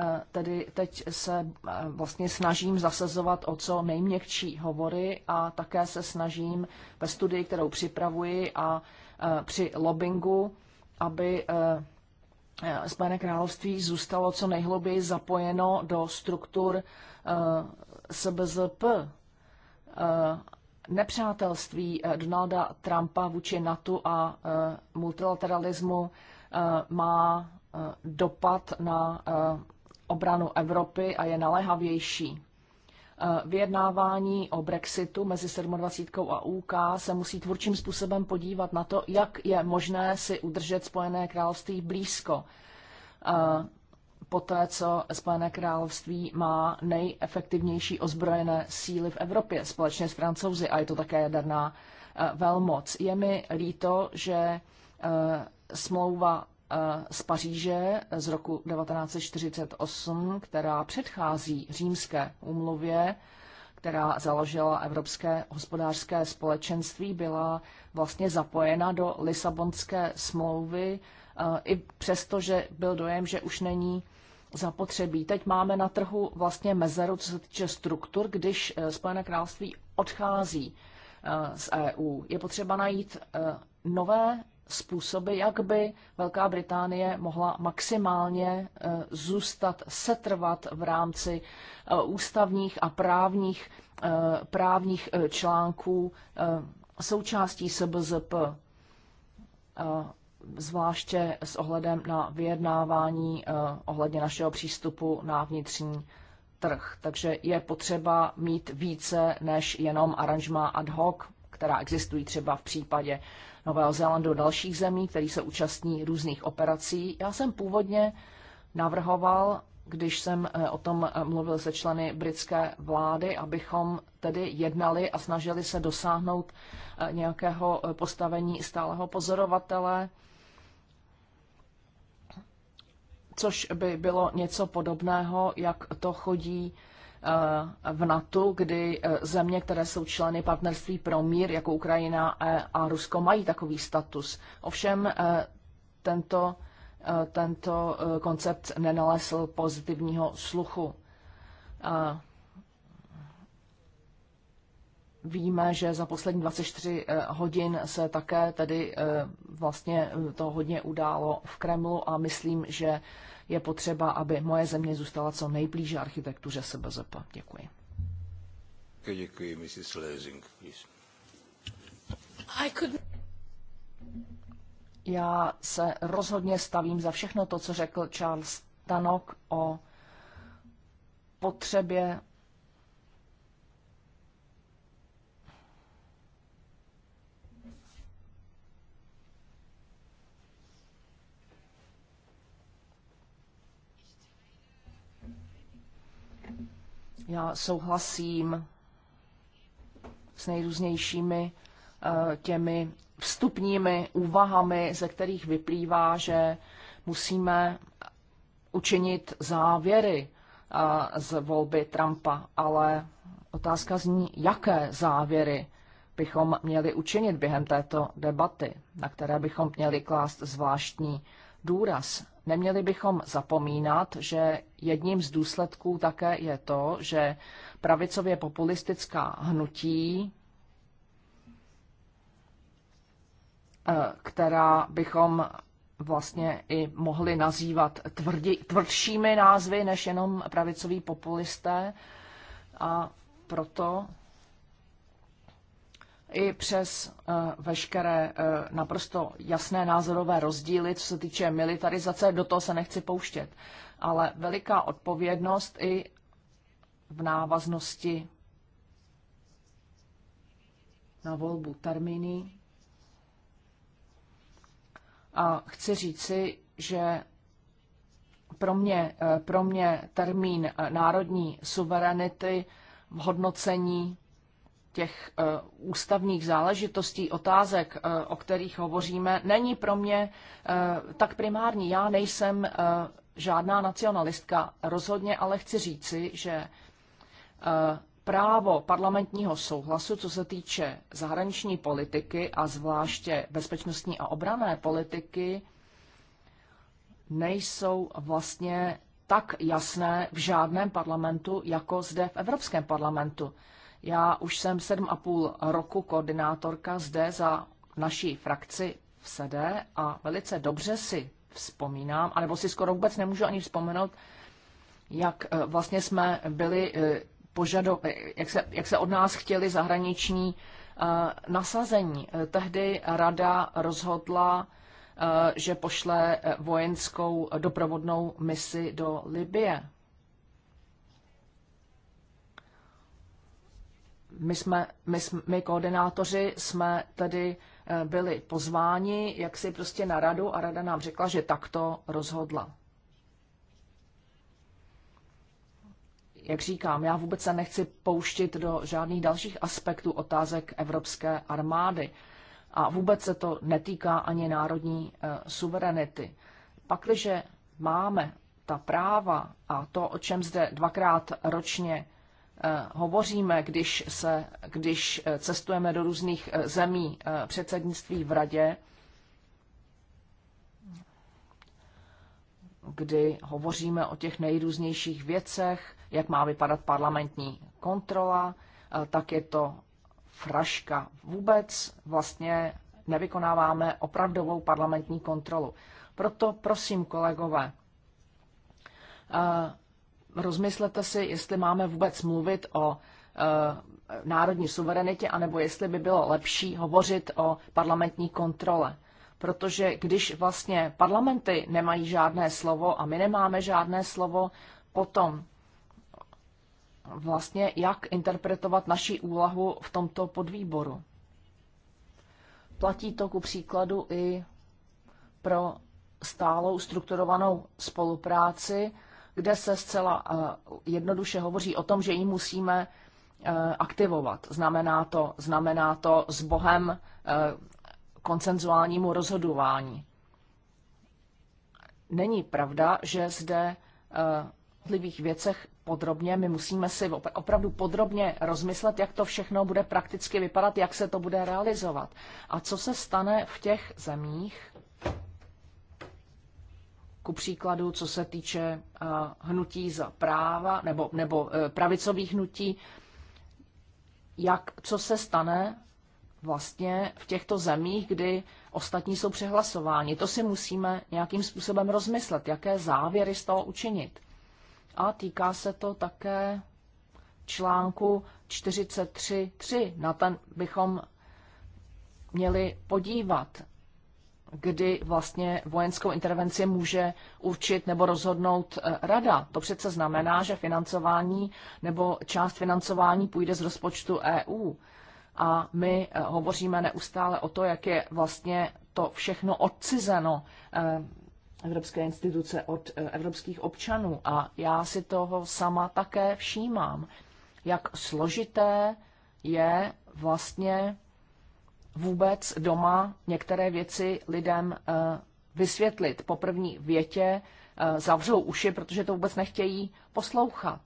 Eh, tedy teď se eh, vlastně snažím zasazovat o co nejměkčí hovory a také se snažím ve studii, kterou připravuji a eh, při lobbingu, aby Spojené království zůstalo co nejhlouběji zapojeno do struktur SBZP. Nepřátelství Donalda Trumpa vůči NATO a multilateralismu má dopad na obranu Evropy a je naléhavější. E, vyjednávání o Brexitu mezi 27. a UK se musí tvůrčím způsobem podívat na to, jak je možné si udržet Spojené království blízko e, poté, co Spojené království má nejefektivnější ozbrojené síly v Evropě společně s Francouzi a je to také jaderná e, velmoc. Je mi líto, že smlouva Eh, z Paříže z roku 1948, která předchází římské úmluvě, která založila Evropské hospodářské společenství, byla vlastně zapojena do Lisabonské smlouvy, eh, i přesto, že byl dojem, že už není zapotřebí. Teď máme na trhu vlastně mezeru, co se týče struktur, když eh, Spojené království odchází z EU. Je potřeba najít nové způsoby, jak by Velká Británie mohla maximálně eh, zůstat, setrvat v rámci eh, ústavních a právních, eh, právních článků součástí SBZP, zvláště s ohledem na vyjednávání ohledně našeho přístupu na vnitřní trh. Takže je potřeba mít více než jenom aranžma ad hoc, která existují třeba v případě Nového Zélandu a dalších zemí, který se účastní různých operací. Já jsem původně navrhoval, když jsem eh, o tom eh, mluvil se členy britské vlády, abychom tedy jednali a snažili se dosáhnout eh, nějakého postavení stáleho pozorovatele, což by bylo něco podobného, jak to chodí Eh, v NATO, kdy eh, země, které jsou členy partnerství pro mír, jako Ukrajina eh, a Rusko, mají takový status. Ovšem tento, tento koncept nenalesl pozitivního sluchu. Víme, že za poslední 24 eh, hodin se také tedy eh, vlastně eh, to hodně událo v Kremlu a myslím, že je potřeba, aby moje země zůstala co nejblíže architektuře SBZP. Děkuji. Děkuji, Mrs. Lezing, I could... Já se rozhodně stavím za všechno to, co řekl Charles Tanok o potřebě Já souhlasím s nejrůznějšími eh, těmi vstupními úvahami, ze kterých vyplývá, že musíme učinit závěry eh, z volby Trumpa, ale otázka zní, jaké závěry bychom měli učinit během této debaty, na které bychom měli klást zvláštní důraz. Neměli bychom zapomínat, že jedním z důsledků také je to, že pravicově populistická hnutí, eh, která bychom vlastně i mohli nazývat tvrdí, tvrdšími názvy než jenom pravicoví populisté. A proto i přes eh, veškeré eh, naprosto jasné názorové rozdíly, co se týče militarizace, do toho se nechci pouštět. Ale veliká odpovědnost i v návaznosti na volbu termíny. A chci říci, že pro mě, eh, pro mě termín národní suverenity v hodnocení těch eh, ústavních záležitostí, otázek, eh, o kterých hovoříme, není pro mě eh, tak primární. Já nejsem žádná nacionalistka rozhodně, ale chci říci, že právo parlamentního souhlasu, co se týče zahraniční politiky a zvláště bezpečnostní a obrané politiky, nejsou vlastně tak jasné v žádném parlamentu, jako zde v Evropském parlamentu. Já už jsem sedm a půl roku koordinátorka zde za naší frakci v sed a velice dobře si vzpomínám, anebo si skoro vůbec nemůžu ani vzpomenout, jak eh, vlastně jsme byli eh, požado, eh, jak se, jak se od nás chtěli zahraniční nasazení. Tehdy rada rozhodla, že pošle vojenskou doprovodnou misi do Libie. my, jsme, my, my koordinátoři jsme tedy eh, byli pozváni, jak si prostě na radu a rada nám řekla, že takto rozhodla. Jak říkám, já vůbec se nechci pouštit do žádných dalších aspektů otázek evropské armády. A vůbec se to netýká ani národní e, suverenity. Pakliže máme ta práva a to, o čem zde dvakrát ročně Eh, hovoříme, když, se, když eh, cestujeme do různých eh, zemí předsednictví v radě, kdy hovoříme o těch nejrůznějších věcech, jak má vypadat parlamentní kontrola, tak je to fraška. Vůbec vlastně nevykonáváme opravdovou parlamentní kontrolu. Proto prosím, kolegové, rozmyslete si, jestli máme vůbec mluvit o eh, národní suverenitě, anebo jestli by bylo lepší hovořit o parlamentní kontrole. Protože když vlastně parlamenty nemají žádné slovo a my nemáme žádné slovo, potom vlastně jak interpretovat naši úlahu v tomto podvýboru. Platí to ku příkladu i pro stálou strukturovanou spolupráci kde se zcela eh, jednoduše hovoří o tom, že ji musíme eh, aktivovat. Znamená to, znamená to s Bohem eh, koncenzuálnímu rozhodování. Není pravda, že zde v věcech podrobně. My musíme si opravdu podrobně rozmyslet, jak to všechno bude prakticky vypadat, jak se to bude realizovat a co se stane v těch zemích, ku příkladu, co se týče eh, hnutí za práva nebo, nebo eh, pravicových hnutí, jak, co se stane vlastně v těchto zemích, kdy ostatní jsou přehlasováni. To si musíme nějakým způsobem rozmyslet, jaké závěry z toho učinit. A týká se to také článku 43.3. Na ten bychom měli podívat kdy vlastně vojenskou intervenci může určit nebo rozhodnout eh, rada. To přece znamená, že financování nebo část financování půjde z rozpočtu EU. A my eh, hovoříme neustále o to, jak je vlastně to všechno odcizeno eh, Evropské instituce od evropských občanů. A já si toho sama také všímám, jak složité je vlastně vůbec doma některé věci lidem eh, vysvětlit. Po první větě eh, zavřou uši, protože to vůbec nechtějí poslouchat.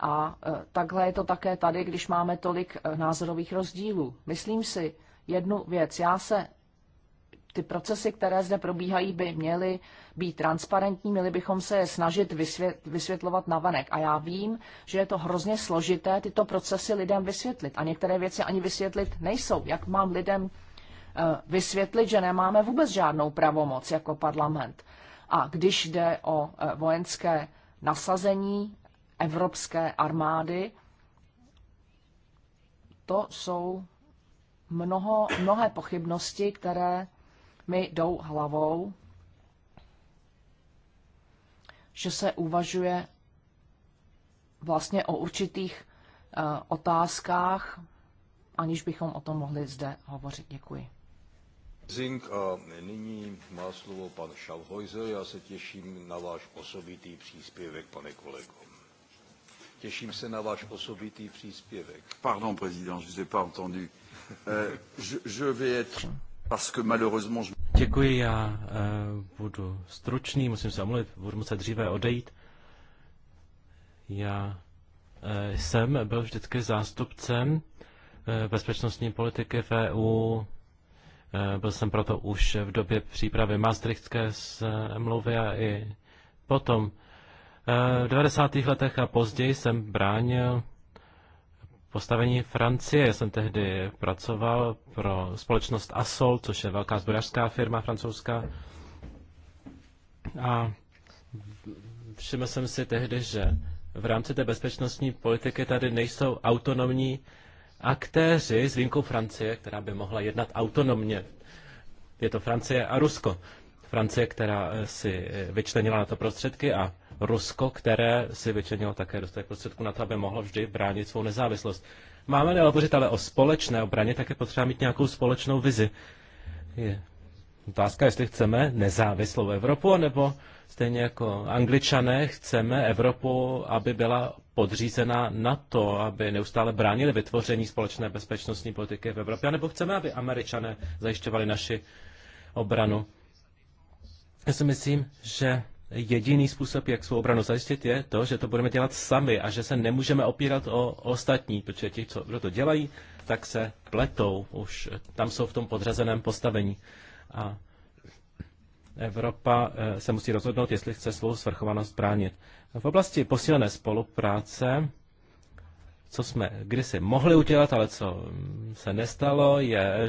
A eh, takhle je to také tady, když máme tolik názorových rozdílů. Myslím si jednu věc. Já se ty procesy, které zde probíhají, by měly být transparentní, měli bychom se je snažit vysvět, vysvětlovat navenek. A já vím, že je to hrozně složité tyto procesy lidem vysvětlit. A některé věci ani vysvětlit nejsou. Jak mám lidem eh, vysvětlit, že nemáme vůbec žádnou pravomoc jako parlament. A když jde o eh, vojenské nasazení evropské armády, to jsou mnoho, mnohé pochybnosti, které mi jdou hlavou, že se uvažuje vlastně o určitých eh, otázkách, aniž bychom o tom mohli zde hovořit. Děkuji. Zink, a nyní má slovo pan Schauhäuser. Já se těším na váš osobitý příspěvek, pane kolego. Těším se na váš osobitý příspěvek. Pardon, prezident, je ne pas entendu. Euh, je, je vais être... Děkuji, já eh, budu stručný, musím se omluvit, budu muset dříve odejít. Já eh, jsem byl vždycky zástupcem eh, bezpečnostní politiky v EU. Byl jsem proto už v době přípravy Maastrichtské smlouvy a i potom. V 90. letech a později jsem bránil postavení Francie. Já jsem tehdy pracoval pro společnost Asol, což je velká zbrojařská firma francouzská. A všiml jsem si tehdy, že v rámci té bezpečnostní politiky tady nejsou autonomní aktéři s výjimkou Francie, která by mohla jednat autonomně. Je to Francie a Rusko. Francie, která eh, si eh, vyčlenila na to prostředky a Rusko, které si vyčenilo také dostatek prostředků na to, aby mohlo vždy bránit svou nezávislost. máme nehovořit ale o společné obraně, tak je potřeba mít nějakou společnou vizi. Je otázka, jestli chceme nezávislou Evropu, nebo stejně jako angličané chceme Evropu, aby byla podřízena to, aby neustále bránili vytvoření společné bezpečnostní politiky v Evropě, nebo chceme, aby američané zajišťovali naši obranu. Já si myslím, že jediný způsob, jak svou obranu zajistit, je to, že to budeme dělat sami a že se nemůžeme opírat o ostatní, protože ti, co, kdo to dělají, tak se pletou, už tam jsou v tom podřazeném postavení. A Evropa eh, se musí rozhodnout, jestli chce svou svrchovanost bránit. V oblasti posílené spolupráce, co jsme kdysi mohli udělat, ale co mm, se nestalo, je eh,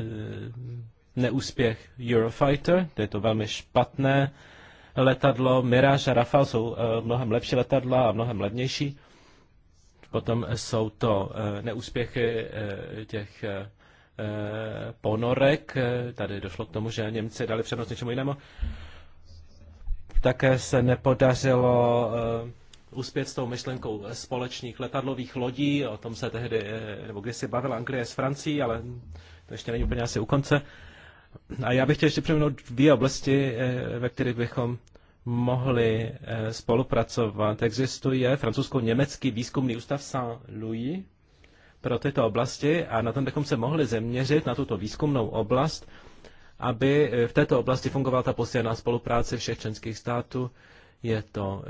neúspěch Eurofighter, to je to velmi špatné letadlo. Mirage a Rafale jsou eh, mnohem lepší letadla a mnohem levnější. Potom jsou to eh, neúspěchy eh, těch ponorek. Tady došlo k tomu, že Němci dali přednost něčemu jinému. Také se nepodařilo uspět s tou myšlenkou společných letadlových lodí. O tom se tehdy, nebo kdysi bavila Anglie s Francií, ale to ještě není úplně asi u konce. A já bych chtěl ještě přemnout dvě oblasti, eh, ve kterých bychom mohli eh, spolupracovat. Existuje francouzsko-německý výzkumný ústav Saint-Louis pro tyto oblasti a na tom bychom se mohli zeměřit na tuto výzkumnou oblast, aby eh, v této oblasti fungovala ta posílená spolupráce všech členských států. Je to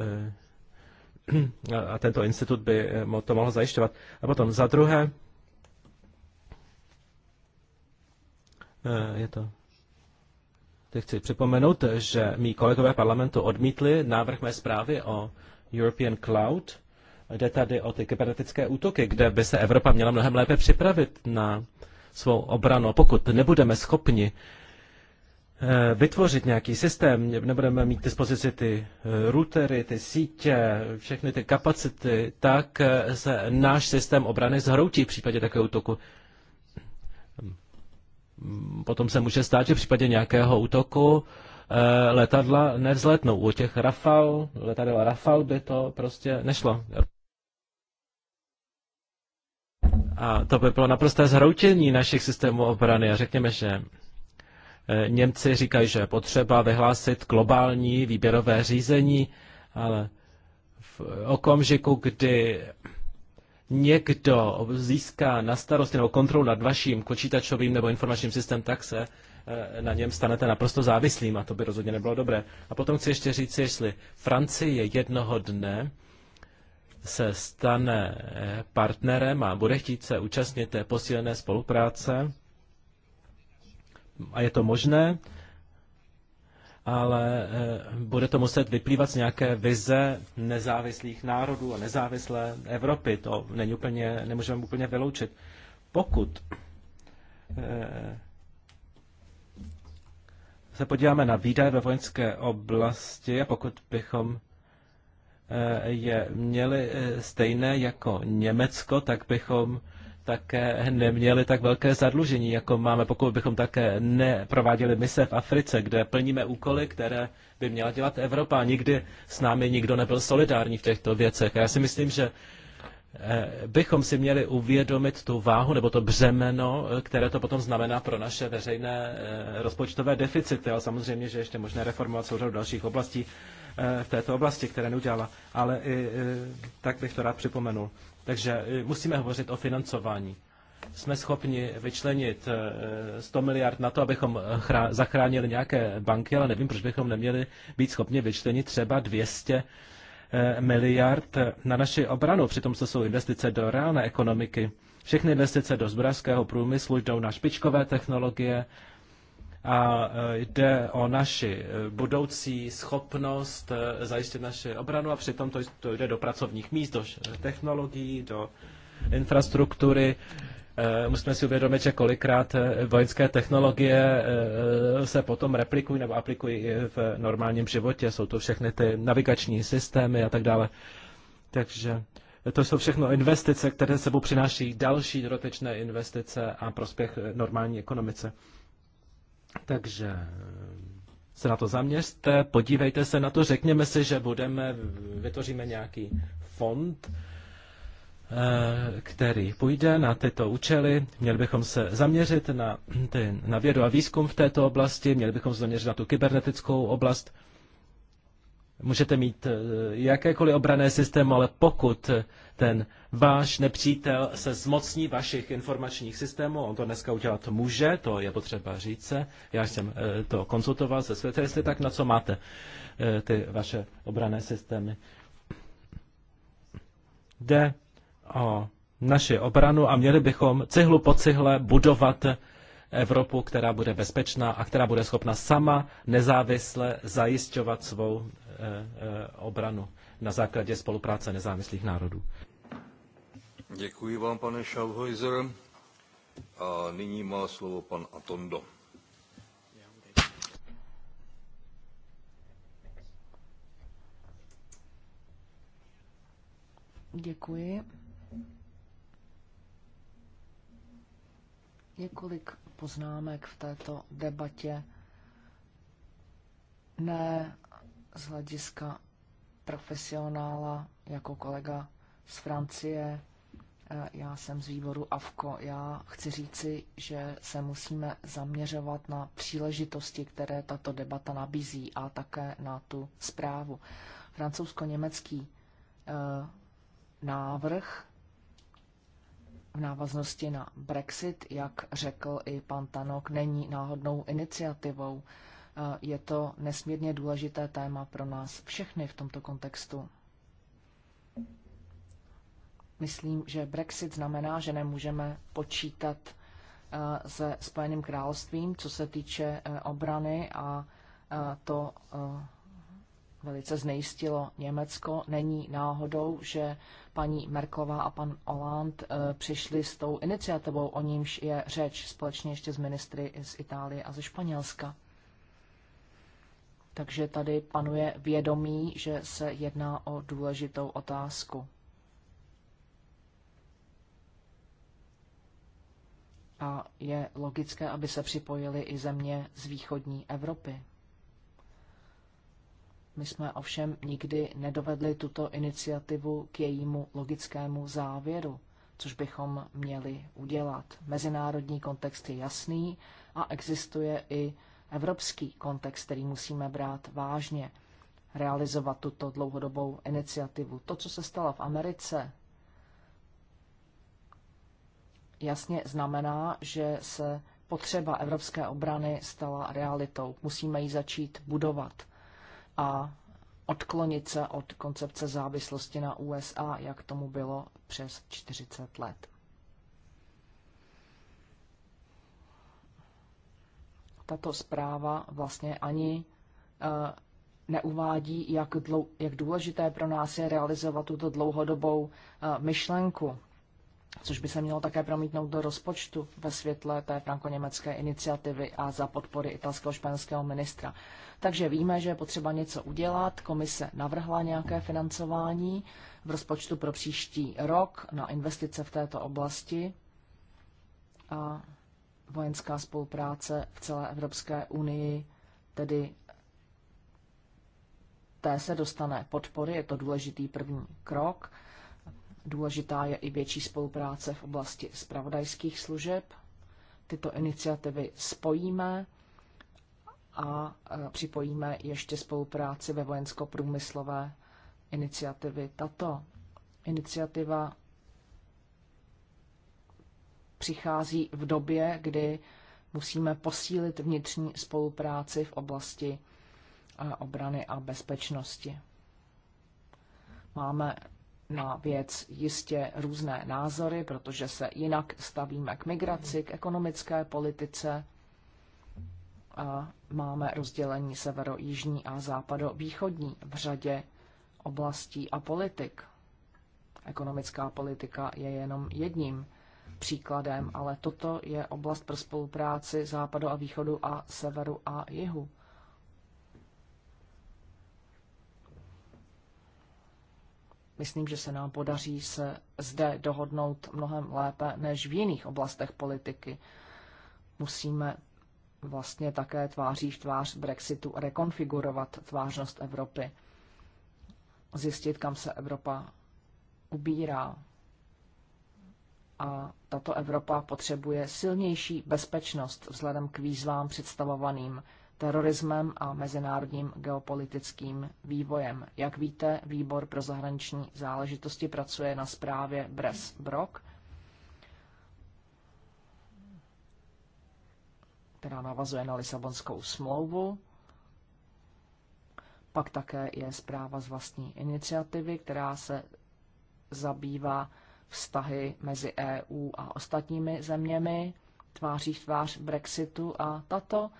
a tento institut by to mohl zajišťovat. A potom za druhé, Eh, je to. Teď chci připomenout, že mý kolegové parlamentu odmítli návrh mé zprávy o European Cloud. Jde tady o ty kybernetické útoky, kde by se Evropa měla mnohem lépe připravit na svou obranu. Pokud nebudeme schopni eh, vytvořit nějaký systém, nebudeme mít k dispozici ty eh, routery, ty sítě, všechny ty kapacity, tak se náš systém obrany zhroutí v případě takového útoku potom se může stát, že v případě nějakého útoku eh, letadla nevzletnou. U těch Rafal, letadel Rafal by to prostě nešlo. A to by bylo naprosté zhroutění našich systémů obrany. A řekněme, že eh, Němci říkají, že je potřeba vyhlásit globální výběrové řízení, ale v okamžiku, kdy někdo získá na starost nebo kontrolu nad vaším počítačovým nebo informačním systém, tak se eh, na něm stanete naprosto závislým a to by rozhodně nebylo dobré. A potom chci ještě říct, jestli Francie jednoho dne se stane eh, partnerem a bude chtít se účastnit té posílené spolupráce, a je to možné, ale eh, bude to muset vyplývat z nějaké vize nezávislých národů a nezávislé Evropy. To není úplně, nemůžeme úplně vyloučit. Pokud eh, se podíváme na výdaje ve vojenské oblasti a pokud bychom eh, je měli stejné jako Německo, tak bychom také neměli tak velké zadlužení, jako máme, pokud bychom také neprováděli mise v Africe, kde plníme úkoly, které by měla dělat Evropa. Nikdy s námi nikdo nebyl solidární v těchto věcech. já si myslím, že eh, bychom si měli uvědomit tu váhu nebo to břemeno, eh, které to potom znamená pro naše veřejné eh, rozpočtové deficity. Ale samozřejmě, že ještě možné reformovat souřadu dalších oblastí v této oblasti, které neudělala. Ale i tak bych to rád připomenul. Takže eh, musíme hovořit o financování. Jsme schopni vyčlenit 100 eh, miliard na to, abychom eh, zachránili nějaké banky, ale nevím, proč bychom neměli být schopni vyčlenit třeba 200 miliard na naši obranu. Přitom to jsou investice do reálné ekonomiky. Všechny investice do zbrojského průmyslu jdou na špičkové technologie, a e, jde o naši e, budoucí schopnost e, zajistit naši obranu a přitom to, to jde do pracovních míst, do technologií, do infrastruktury. Musíme si uvědomit, že kolikrát vojenské technologie se potom replikují nebo aplikují v normálním životě. Jsou to všechny ty navigační systémy a tak dále. Takže to jsou všechno investice, které sebou přináší další dodatečné investice a prospěch normální ekonomice. Takže eh, se na to zaměřte, podívejte se na to, řekněme si, že budeme, vytvoříme nějaký fond, eh, který půjde na tyto účely. Měli bychom se zaměřit na, ty, na vědu a výzkum v této oblasti, měli bychom se zaměřit na tu kybernetickou oblast. Můžete mít eh, jakékoliv obrané systémy, ale pokud ten váš nepřítel se zmocní vašich informačních systémů, on to dneska udělat může, to je potřeba říct se. Já jsem eh, to konzultoval se jestli tak na co máte eh, ty vaše obrané systémy. Jde o naši obranu a měli bychom cihlu po cihle budovat Evropu, která bude bezpečná a která bude schopna sama nezávisle zajišťovat svou eh, obranu na základě spolupráce nezávislých národů. Děkuji vám, pane Schaubhäuser. A nyní má slovo pan Atondo. Děkuji. Několik poznámek v této debatě, ne z hlediska profesionála jako kolega z Francie. E, já jsem z výboru AVKO. Já chci říci, že se musíme zaměřovat na příležitosti, které tato debata nabízí a také na tu zprávu. Francouzsko-německý e, návrh v návaznosti na Brexit, jak řekl i pan Tanok, není náhodnou iniciativou je to nesmírně důležité téma pro nás všechny v tomto kontextu. Myslím, že Brexit znamená, že nemůžeme počítat eh, se Spojeným královstvím, co se týče eh, obrany a eh, to velice znejistilo Německo. Není náhodou, že paní Merklová a pan Oland přišli s tou iniciativou, o nímž je řeč společně ještě s ministry z Itálie a ze Španělska. Takže tady panuje vědomí, že se jedná o důležitou otázku. A je logické, aby se připojili i země z východní Evropy. My jsme ovšem nikdy nedovedli tuto iniciativu k jejímu logickému závěru, což bychom měli udělat. Mezinárodní kontext je jasný a existuje i evropský kontext, který musíme brát vážně, realizovat tuto dlouhodobou iniciativu. To, co se stalo v Americe, jasně znamená, že se potřeba evropské obrany stala realitou. Musíme ji začít budovat a odklonit se od koncepce závislosti na USA, jak tomu bylo přes 40 let. tato zpráva vlastně ani eh, neuvádí, jak, dlou, jak důležité pro nás je realizovat tuto dlouhodobou eh, myšlenku, což by se mělo také promítnout do rozpočtu ve světle té franko-německé iniciativy a za podpory italského španělského ministra. Takže víme, že je potřeba něco udělat. Komise navrhla nějaké financování v rozpočtu pro příští rok na investice v této oblasti. A vojenská spolupráce v celé Evropské unii, tedy té se dostane podpory, je to důležitý první krok. Důležitá je i větší spolupráce v oblasti spravodajských služeb. Tyto iniciativy spojíme a e, připojíme ještě spolupráci ve vojensko-průmyslové iniciativy. Tato iniciativa přichází v době, kdy musíme posílit vnitřní spolupráci v oblasti eh, obrany a bezpečnosti. Máme na věc jistě různé názory, protože se jinak stavíme k migraci, k ekonomické politice a máme rozdělení severo-jižní a západo-východní v řadě oblastí a politik. Ekonomická politika je jenom jedním příkladem, ale toto je oblast pro spolupráci západu a východu a severu a jihu. Myslím, že se nám podaří se zde dohodnout mnohem lépe než v jiných oblastech politiky. Musíme vlastně také tváří v tvář Brexitu rekonfigurovat tvářnost Evropy, zjistit, kam se Evropa ubírá, a tato Evropa potřebuje silnější bezpečnost vzhledem k výzvám představovaným terorismem a mezinárodním geopolitickým vývojem. Jak víte, Výbor pro zahraniční záležitosti pracuje na zprávě Bres Brok, která navazuje na Lisabonskou smlouvu. Pak také je zpráva z vlastní iniciativy, která se zabývá vztahy mezi EU a ostatními zeměmi tváří v tvář Brexitu a tato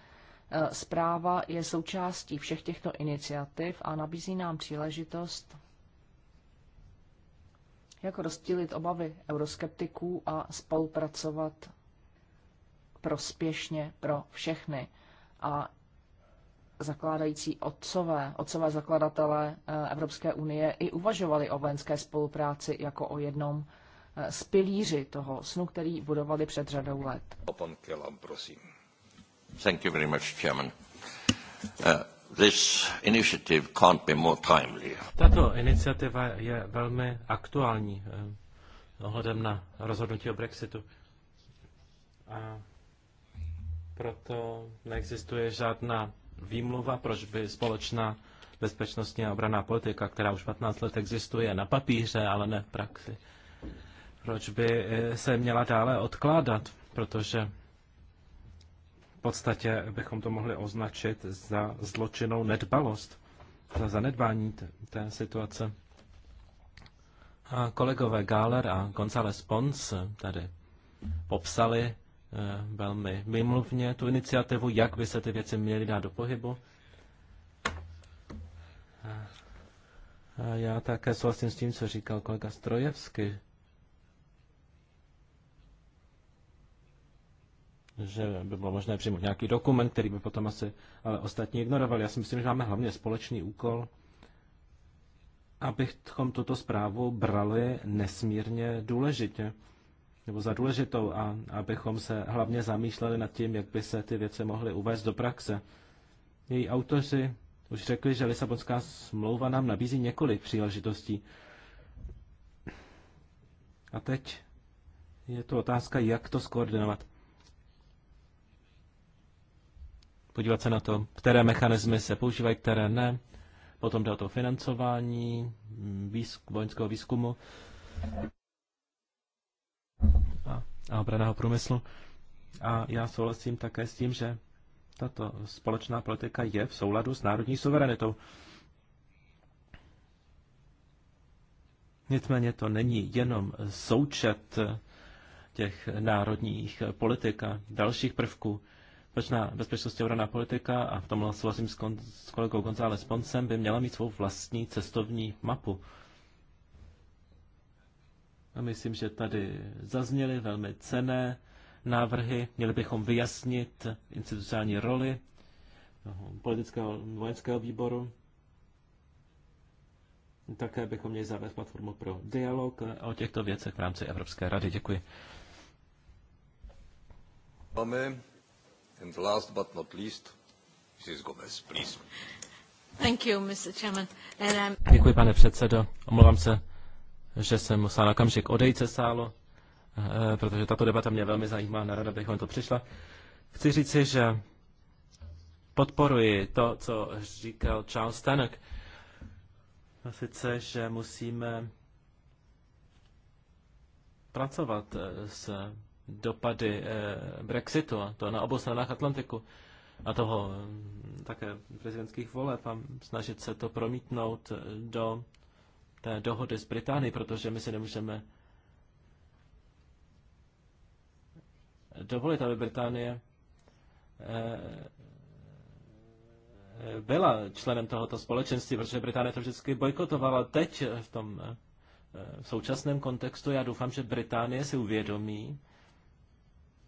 e, zpráva je součástí všech těchto iniciativ a nabízí nám příležitost jak rozdělit obavy euroskeptiků a spolupracovat prospěšně pro všechny. A zakládající otcové, otcové zakladatelé e, Evropské unie i uvažovali o vojenské spolupráci jako o jednom z pilíři toho snu, který budovali před řadou let. Pan Kelam, prosím. Thank you very much, Chairman. Uh, this initiative can't be more timely. Tato iniciativa je velmi aktuální eh, ohledem na rozhodnutí o Brexitu. A proto neexistuje žádná výmluva, proč by společná bezpečnostní a obraná politika, která už 15 let existuje na papíře, ale ne v praxi, proč by eh, se měla dále odkládat, protože v podstatě bychom to mohli označit za zločinnou nedbalost, za zanedbání té situace. A kolegové Gáler a González Pons tady popsali eh, velmi vymluvně tu iniciativu, jak by se ty věci měly dát do pohybu. A já také souhlasím s tím, co říkal kolega Strojevsky, že by bylo možné přijmout nějaký dokument, který by potom asi ale eh, ostatní ignorovali. Já si myslím, že máme hlavně společný úkol, abychom tuto zprávu brali nesmírně důležitě, nebo za důležitou, a abychom se hlavně zamýšleli nad tím, jak by se ty věci mohly uvést do praxe. Její autoři už řekli, že Lisabonská smlouva nám nabízí několik příležitostí. A teď je to otázka, jak to skoordinovat. podívat se na to, které mechanismy se používají, které ne. Potom jde o to financování mm, výzk, vojenského výzkumu a, a obraného průmyslu. A já souhlasím také s tím, že tato společná politika je v souladu s národní suverenitou. Nicméně to není jenom součet těch národních politik a dalších prvků společná bezpečnostní obraná politika, a v tom souhlasím s, kon, s kolegou González Poncem, by měla mít svou vlastní cestovní mapu. A myslím, že tady zazněly velmi cené návrhy. Měli bychom vyjasnit institucionální roli politického vojenského výboru. Také bychom měli zavést platformu pro dialog o těchto věcech v rámci Evropské rady. Děkuji. Máme And last but not least, Mrs. Gomez, please. Thank you, Mr. Chairman. And I'm... Děkuji, pane předsedo. Omlouvám se, že jsem musel na okamžik odejít ze sálu, eh, protože tato debata mě velmi zajímá, nerada bych vám to přišla. Chci říci, že podporuji to, co říkal Charles Tannock, a sice, že musíme pracovat eh, s dopady eh, Brexitu, a to na obou stranách Atlantiku a toho mm, také prezidentských voleb a snažit se to promítnout eh, do té dohody s Británií, protože my si nemůžeme dovolit, aby Británie eh, byla členem tohoto společenství, protože Británie to vždycky bojkotovala. Teď v tom současném kontextu já doufám, že Británie si uvědomí,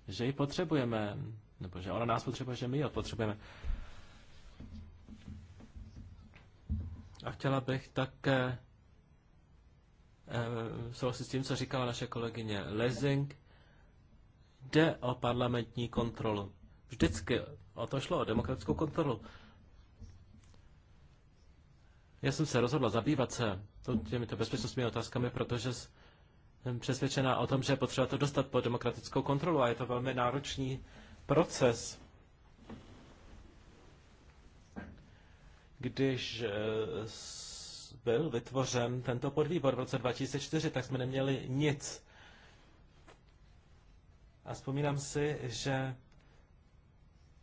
že ji potřebujeme, nebo že ona nás potřebuje, že my ji potřebujeme. A chtěla bych také eh, souhlasit s tím, co říkala naše kolegyně Lezing. Jde o parlamentní kontrolu. Vždycky o to šlo, o demokratickou kontrolu. Já jsem se rozhodla zabývat se těmito bezpečnostními otázkami, protože jsem přesvědčená o tom, že je potřeba to dostat pod demokratickou kontrolu a je to velmi náročný proces. Když eh, byl vytvořen tento podvýbor v roce 2004, tak jsme neměli nic. A vzpomínám si, že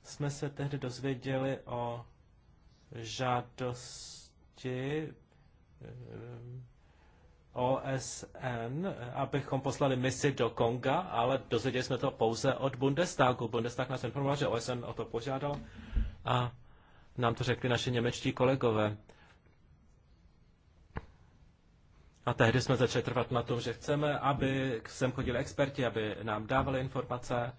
jsme se tehdy dozvěděli o žádosti eh, OSN, abychom poslali misi do Konga, ale dozvěděli jsme to pouze od Bundestagu. Bundestag nás informoval, že OSN o to požádal a nám to řekli naši němečtí kolegové. A tehdy jsme začali trvat na tom, že chceme, aby sem chodili experti, aby nám dávali informace,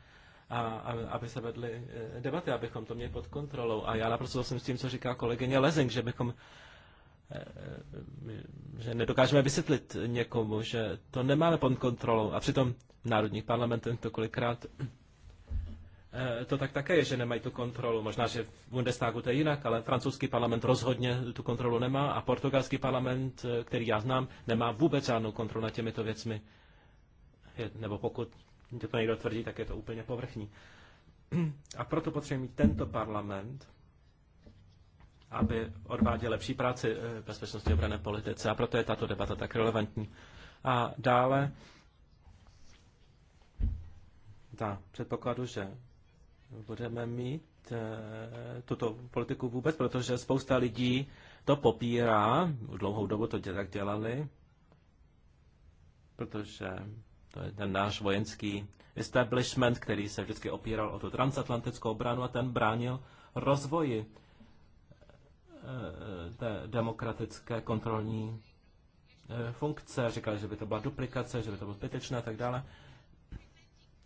a, a aby se vedly eh, debaty, abychom to měli pod kontrolou. A já naprosto jsem s tím, co říká kolegyně Lezing, že bychom Eh, eh, že nedokážeme vysvětlit někomu, že to nemáme pod kontrolou. A přitom v národních parlamentech to kolikrát eh, to tak také je, že nemají tu kontrolu. Možná, že v Bundestagu to je jinak, ale francouzský parlament rozhodně tu kontrolu nemá a portugalský parlament, který já znám, nemá vůbec žádnou kontrolu nad těmito věcmi. Je, nebo pokud to někdo tvrdí, tak je to úplně povrchní. A proto potřebujeme mít tento parlament, aby odváděl lepší práci eh, bezpečnosti obrané politice a proto je tato debata tak relevantní. A dále za předpokladu, že budeme mít eh, tuto politiku vůbec, protože spousta lidí to popírá, dlouhou dobu to tak dělali, protože to je ten náš vojenský establishment, který se vždycky opíral o tu transatlantickou obranu a ten bránil rozvoji Eh, té demokratické kontrolní eh, funkce. Říkali, že by to byla duplikace, že by to bylo zbytečné a tak dále.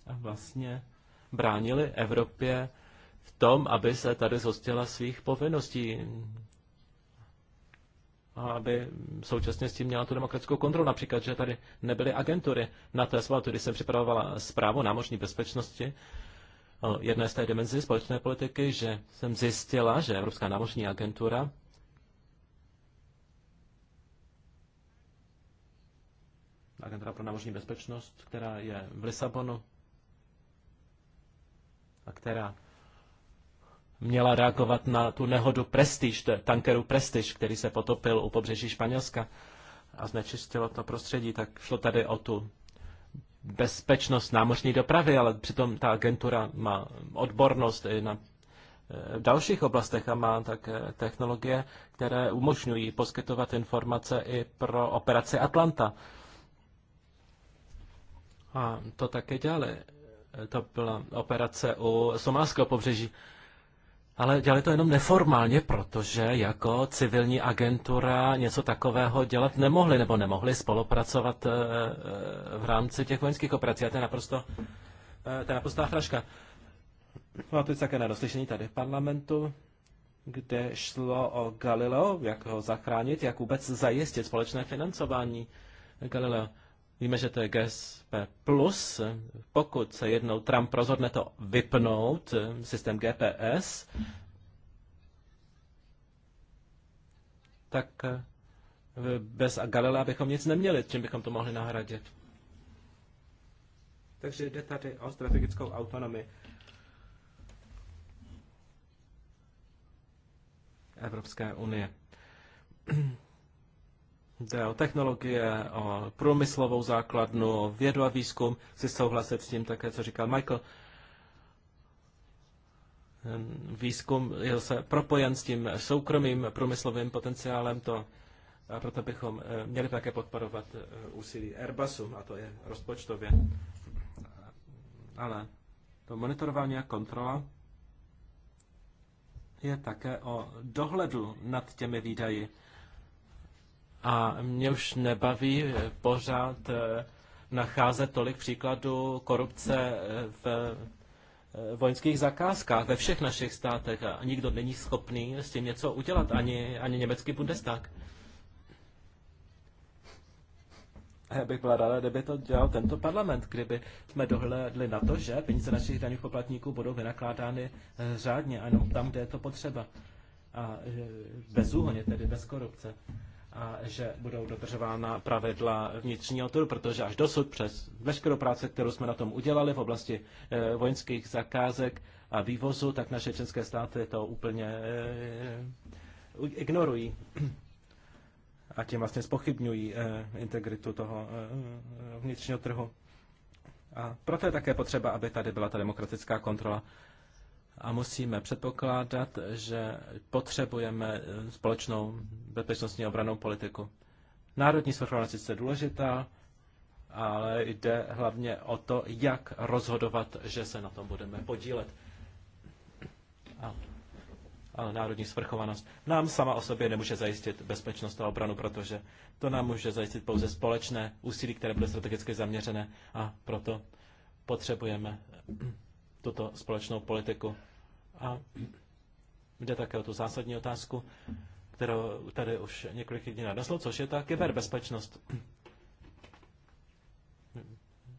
A vlastně bránili Evropě v tom, aby se tady zhostila svých povinností a aby současně s tím měla tu demokratickou kontrolu. Například, že tady nebyly agentury. Na té svalu, když jsem připravovala zprávu námořní bezpečnosti, jedné z té dimenzi společné politiky, že jsem zjistila, že Evropská námořní agentura agentura pro námořní bezpečnost, která je v Lisabonu a která měla reagovat na tu nehodu Prestige, tankeru Prestige, který se potopil u pobřeží Španělska a znečistilo to prostředí, tak šlo tady o tu bezpečnost námořní dopravy, ale přitom ta agentura má odbornost i na v eh, dalších oblastech a má také eh, technologie, které umožňují poskytovat informace i pro operaci Atlanta. A to také dělali. Eh, to byla operace u somálského pobřeží. Ale dělali to jenom neformálně, protože jako civilní agentura něco takového dělat nemohli, nebo nemohli spolupracovat eh, eh, v rámci těch vojenských operací. A to je naprosto, eh, to je naprostá hraška. Bylo to také na rozlišení tady v parlamentu, kde šlo o Galileo, jak ho zachránit, jak vůbec zajistit společné financování Galileo. Víme, že to je GSP+, plus. pokud se jednou Trump rozhodne to vypnout, eh, systém GPS, tak eh, bez Galilea bychom nic neměli, čím bychom to mohli nahradit. Takže jde tady o strategickou autonomii. Evropské unie. Jde o technologie, o průmyslovou základnu, o vědu a výzkum. Chci souhlasit s tím také, co říkal Michael. Výzkum je se propojen s tím soukromým průmyslovým potenciálem, to, a proto bychom eh, měli také podporovat eh, úsilí Airbusu, a to je rozpočtově. Ale to monitorování a kontrola je také o dohledu nad těmi výdaji a mě už nebaví eh, pořád eh, nacházet tolik příkladů korupce eh, v vojenských zakázkách ve všech našich státech a nikdo není schopný s tím něco udělat, ani, ani německý Bundestag. Já bych byla ráda, kdyby to dělal tento parlament, kdyby jsme dohledli na to, že peníze našich daných poplatníků budou vynakládány řádně, jenom tam, kde je to potřeba. A bezúhoně, tedy bez korupce a že budou dodržována pravidla vnitřního trhu, protože až dosud přes veškerou práci, kterou jsme na tom udělali v oblasti eh, vojenských zakázek a vývozu, tak naše české státy to úplně eh, ignorují a tím vlastně spochybňují eh, integritu toho vnitřního trhu. A proto je také potřeba, aby tady byla ta demokratická kontrola a musíme předpokládat, že potřebujeme společnou bezpečnostní obranou politiku. Národní svrchovanost je sice důležitá, ale jde hlavně o to, jak rozhodovat, že se na tom budeme podílet. A, ale národní svrchovanost nám sama o sobě nemůže zajistit bezpečnost a obranu, protože to nám může zajistit pouze společné úsilí, které bude strategicky zaměřené a proto potřebujeme tuto společnou politiku. A jde také o tu zásadní otázku, kterou tady už několik lidí nadaslo. což je ta kyberbezpečnost.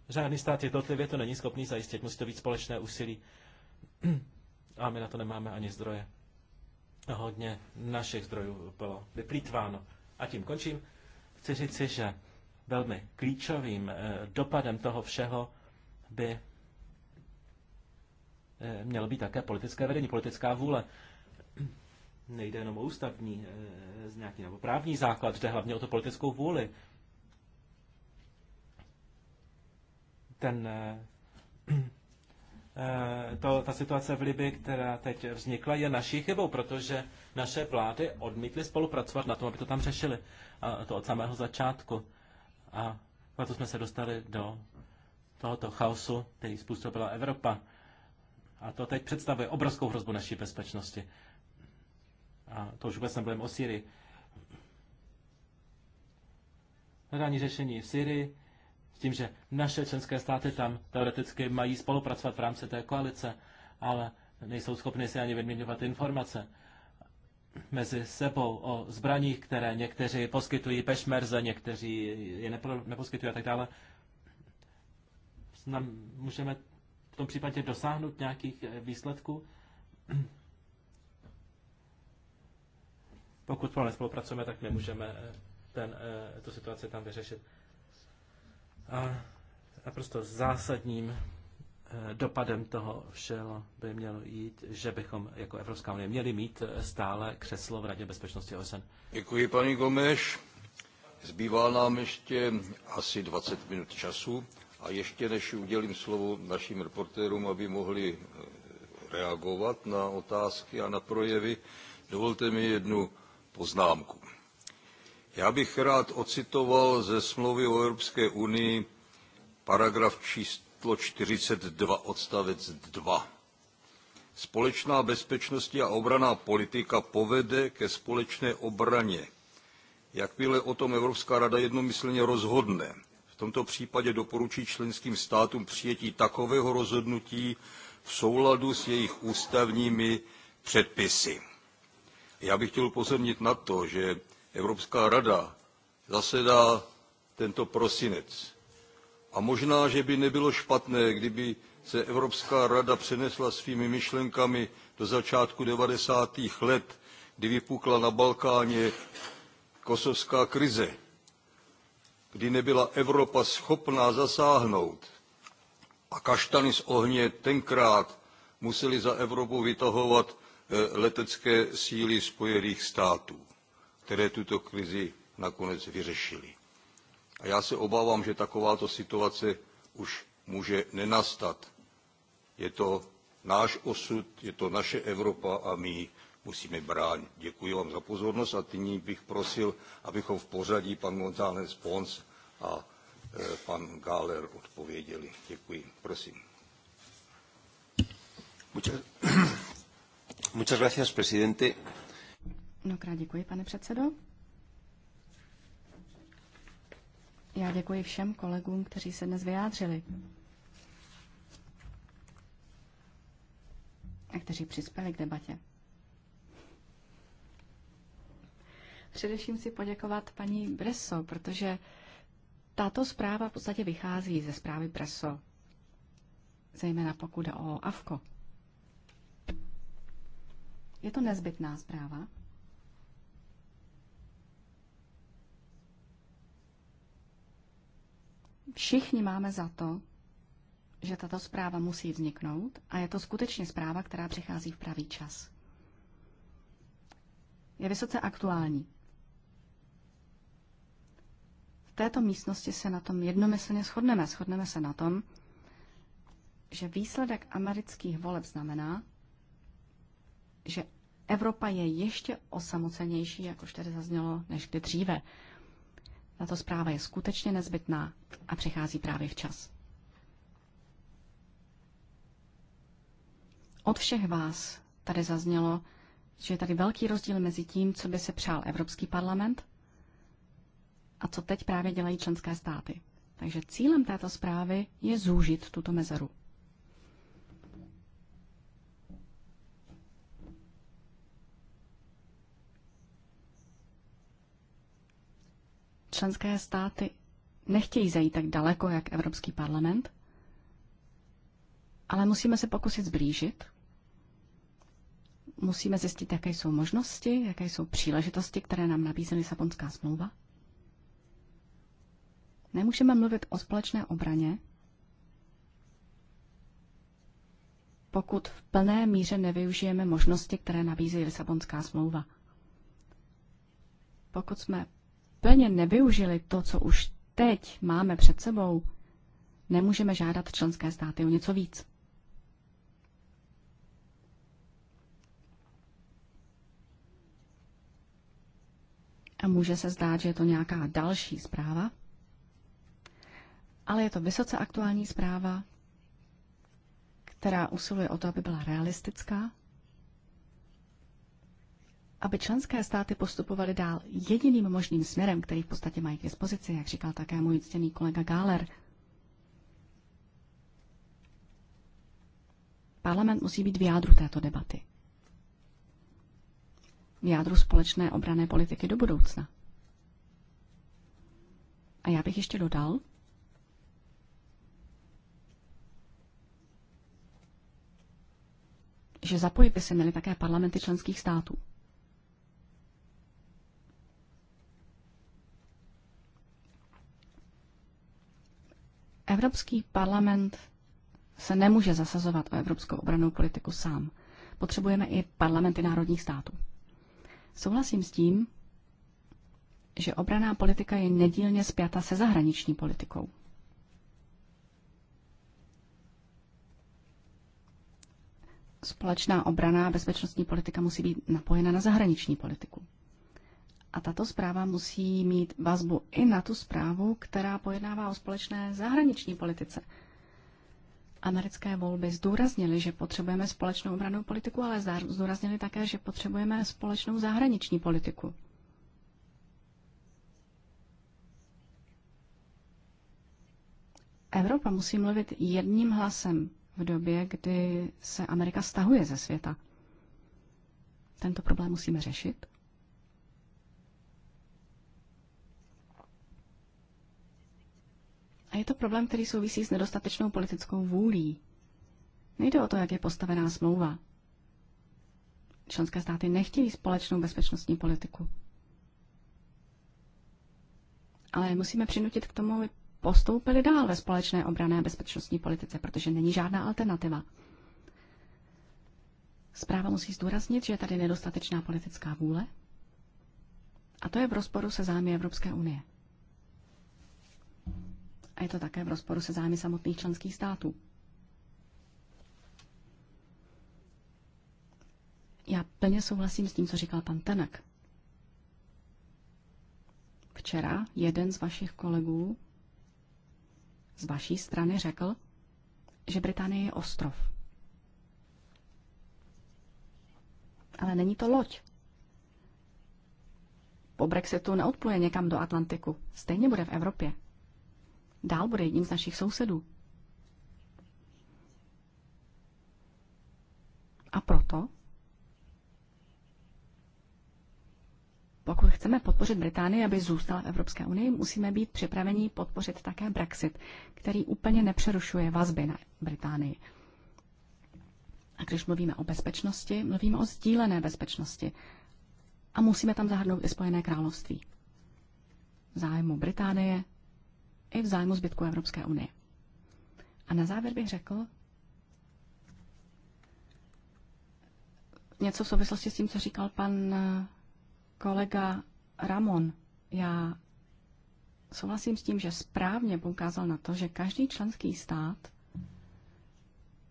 Žádný stát jednotlivě to není schopný zajistit, musí to být společné úsilí. A my na to nemáme ani zdroje. A hodně našich zdrojů bylo vyplýtváno. A tím končím. Chci říci, že velmi klíčovým eh, dopadem toho všeho by Eh, mělo být také politické vedení, politická vůle. Nejde jenom o ústavní eh, z nějaký nebo právní základ, jde hlavně o to politickou vůli. Ten, eh, to, ta situace v Libii, která teď vznikla, je naší chybou, protože naše vlády odmítly spolupracovat na tom, aby to tam řešili. A to od samého začátku. A proto jsme se dostali do tohoto chaosu, který způsobila Evropa. A to teď představuje obrovskou hrozbu naší bezpečnosti. A to už vůbec nebudeme o Syrii. Hledání řešení v Syrii s tím, že naše členské státy tam teoreticky mají spolupracovat v rámci té koalice, ale nejsou schopny si ani vyměňovat informace mezi sebou o zbraních, které někteří poskytují pešmerze, někteří je neposkytují a tak dále. Nám můžeme v tom případě dosáhnout nějakých eh, výsledků. Pokud spolu nespolupracujeme, tak nemůžeme eh, ten, eh, tu situaci tam vyřešit. A naprosto zásadním dopadem toho všeho by mělo jít, že bychom jako Evropská unie měli mít stále křeslo v Radě bezpečnosti OSN. Děkuji, paní Gomeš. Zbývá nám ještě asi 20 minut času. A ještě než udělím slovo našim reportérům, aby mohli eh, reagovat na otázky a na projevy, dovolte mi jednu poznámku. Já bych rád ocitoval ze smlouvy o Evropské unii paragraf číslo 42 odstavec 2. Společná bezpečnostní a obraná politika povede ke společné obraně. Jakmile o tom Evropská rada jednomyslně rozhodne, tomto případě doporučí členským státům přijetí takového rozhodnutí v souladu s jejich ústavními předpisy. Já bych chtěl upozornit na to, že Evropská rada zasedá tento prosinec. A možná, že by nebylo špatné, kdyby se Evropská rada přenesla svými myšlenkami do začátku 90. let, kdy vypukla na Balkáně kosovská krize kdy nebyla Evropa schopná zasáhnout a kaštany z ohně tenkrát museli za Evropu vytahovat eh, letecké síly Spojených států, které tuto krizi nakonec vyřešily. A já se obávám, že takováto situace už může nenastat. Je to náš osud, je to naše Evropa a my ji musíme bránit. Děkuji vám za pozornost a nyní bych prosil, abychom v pořadí pan González Pons a e, pan Gáler odpověděli. Děkuji. Prosím. Muchas, gracias, presidente. Mnohokrát děkuji, pane předsedo. Já děkuji všem kolegům, kteří se dnes vyjádřili a kteří přispěli k debatě. Především si poděkovat paní Breso, protože tato zpráva v podstatě vychází ze zprávy Breso, zejména pokud jde o AFKO. Je to nezbytná zpráva. Všichni máme za to, že tato zpráva musí vzniknout a je to skutečně zpráva, která přichází v pravý čas. Je vysoce aktuální této místnosti se na tom jednomyslně shodneme. Shodneme se na tom, že výsledek amerických voleb znamená, že Evropa je ještě osamocenější, jak už tady zaznělo, než kdy dříve. Tato zpráva je skutečně nezbytná a přichází právě včas. Od všech vás tady zaznělo, že je tady velký rozdíl mezi tím, co by se přál Evropský parlament a co teď právě dělají členské státy. Takže cílem této zprávy je zúžit tuto mezeru. Členské státy nechtějí zajít tak daleko, jak Evropský parlament, ale musíme se pokusit zblížit. Musíme zjistit, jaké jsou možnosti, jaké jsou příležitosti, které nám nabízí Lisabonská smlouva. Nemůžeme mluvit o společné obraně, pokud v plné míře nevyužijeme možnosti, které nabízí Lisabonská smlouva. Pokud jsme plně nevyužili to, co už teď máme před sebou, nemůžeme žádat členské státy o něco víc. A může se zdát, že je to nějaká další zpráva, ale je to vysoce aktuální zpráva, která usiluje o to, aby byla realistická, aby členské státy postupovaly dál jediným možným směrem, který v podstatě mají k dispozici, jak říkal také můj ctěný kolega Gáler. Parlament musí být v jádru této debaty. V jádru společné obrané politiky do budoucna. A já bych ještě dodal, že zapojit by se měly také parlamenty členských států. Evropský parlament se nemůže zasazovat o evropskou obranou politiku sám. Potřebujeme i parlamenty národních států. Souhlasím s tím, že obraná politika je nedílně spjata se zahraniční politikou. společná obraná a bezpečnostní politika musí být napojena na zahraniční politiku. A tato zpráva musí mít vazbu i na tu zprávu, která pojednává o společné zahraniční politice. Americké volby zdůraznily, že potřebujeme společnou obranou politiku, ale zdůraznili také, že potřebujeme společnou zahraniční politiku. Evropa musí mluvit jedním hlasem v době, kdy se Amerika stahuje ze světa. Tento problém musíme řešit. A je to problém, který souvisí s nedostatečnou politickou vůlí. Nejde o to, jak je postavená smlouva. Členské státy nechtějí společnou bezpečnostní politiku. Ale musíme přinutit k tomu postoupili dál ve společné obrané bezpečnostní politice, protože není žádná alternativa. Zpráva musí zdůraznit, že je tady nedostatečná politická vůle a to je v rozporu se zájmy Evropské unie. A je to také v rozporu se zájmy samotných členských států. Já plně souhlasím s tím, co říkal pan Tenek. Včera jeden z vašich kolegů z vaší strany řekl, že Británie je ostrov. Ale není to loď. Po Brexitu neodpluje někam do Atlantiku. Stejně bude v Evropě. Dál bude jedním z našich sousedů. A proto Pokud chceme podpořit Británii, aby zůstala v Evropské unii, musíme být připraveni podpořit také Brexit, který úplně nepřerušuje vazby na Británii. A když mluvíme o bezpečnosti, mluvíme o sdílené bezpečnosti. A musíme tam zahrnout i Spojené království. V zájmu Británie i v zájmu zbytku Evropské unie. A na závěr bych řekl něco v souvislosti s tím, co říkal pan Kolega Ramon, já souhlasím s tím, že správně poukázal na to, že každý členský stát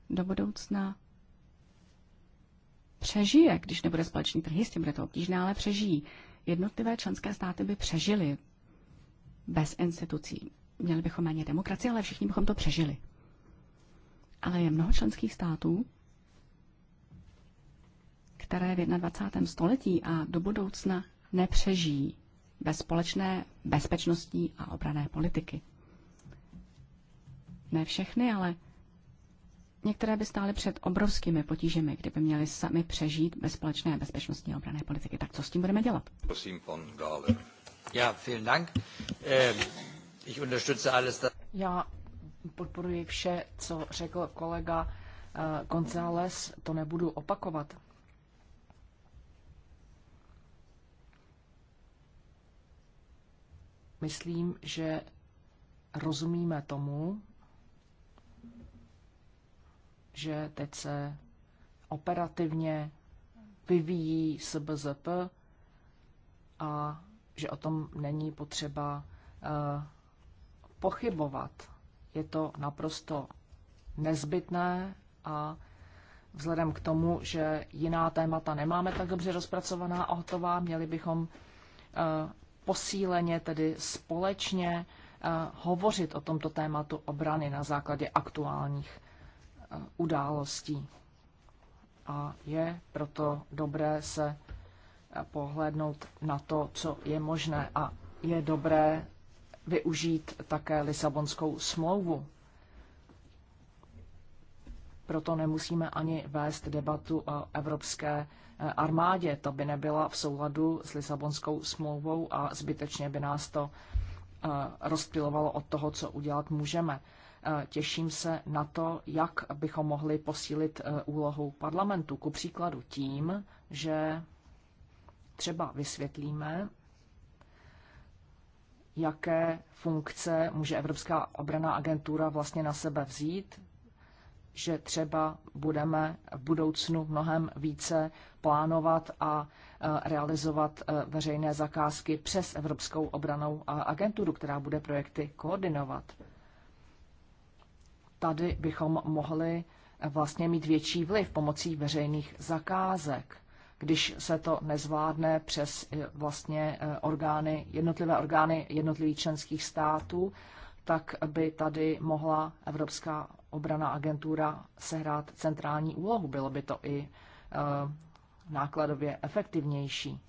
do budoucna přežije, když nebude společný trh, jistě bude to obtížné, ale přežijí. Jednotlivé členské státy by přežily bez institucí. Měli bychom méně demokracie, ale všichni bychom to přežili. Ale je mnoho členských států, které v 21. století a do budoucna nepřežijí bez společné bezpečnostní a obrané politiky. Ne všechny, ale některé by stály před obrovskými potížemi, kdyby měly sami přežít bez společné bezpečnostní a obrané politiky. Tak co s tím budeme dělat? Prosím, pan Gále. Já, vielen Dank. Ehm, ich unterstütze alles. Já podporuji vše, co řekl kolega eh, González, to nebudu opakovat. Myslím, že rozumíme tomu, že teď se operativně vyvíjí SBZP a že o tom není potřeba eh, pochybovat. Je to naprosto nezbytné a vzhledem k tomu, že jiná témata nemáme tak dobře rozpracovaná a hotová, měli bychom eh, posíleně, tedy společně eh, hovořit o tomto tématu obrany na základě aktuálních eh, událostí. A je proto dobré se eh, pohlédnout na to, co je možné. A je dobré využít také Lisabonskou smlouvu proto nemusíme ani vést debatu o evropské eh, armádě. To by nebyla v souladu s Lisabonskou smlouvou a zbytečně by nás to eh, rozpilovalo od toho, co udělat můžeme. Eh, těším se na to, jak bychom mohli posílit úlohu parlamentu. Ku příkladu tím, že třeba vysvětlíme, jaké funkce může Evropská obraná agentura vlastně na sebe vzít, že třeba budeme v budoucnu mnohem více plánovat a e, realizovat e, veřejné zakázky přes Evropskou obranou agenturu, která bude projekty koordinovat. Tady bychom mohli e, vlastně mít větší vliv pomocí veřejných zakázek, když se to nezvládne přes vlastně orgány, jednotlivé orgány jednotlivých členských států, tak by tady mohla Evropská obrana agentura sehrát centrální úlohu. Bylo by to i eh, nákladově efektivnější.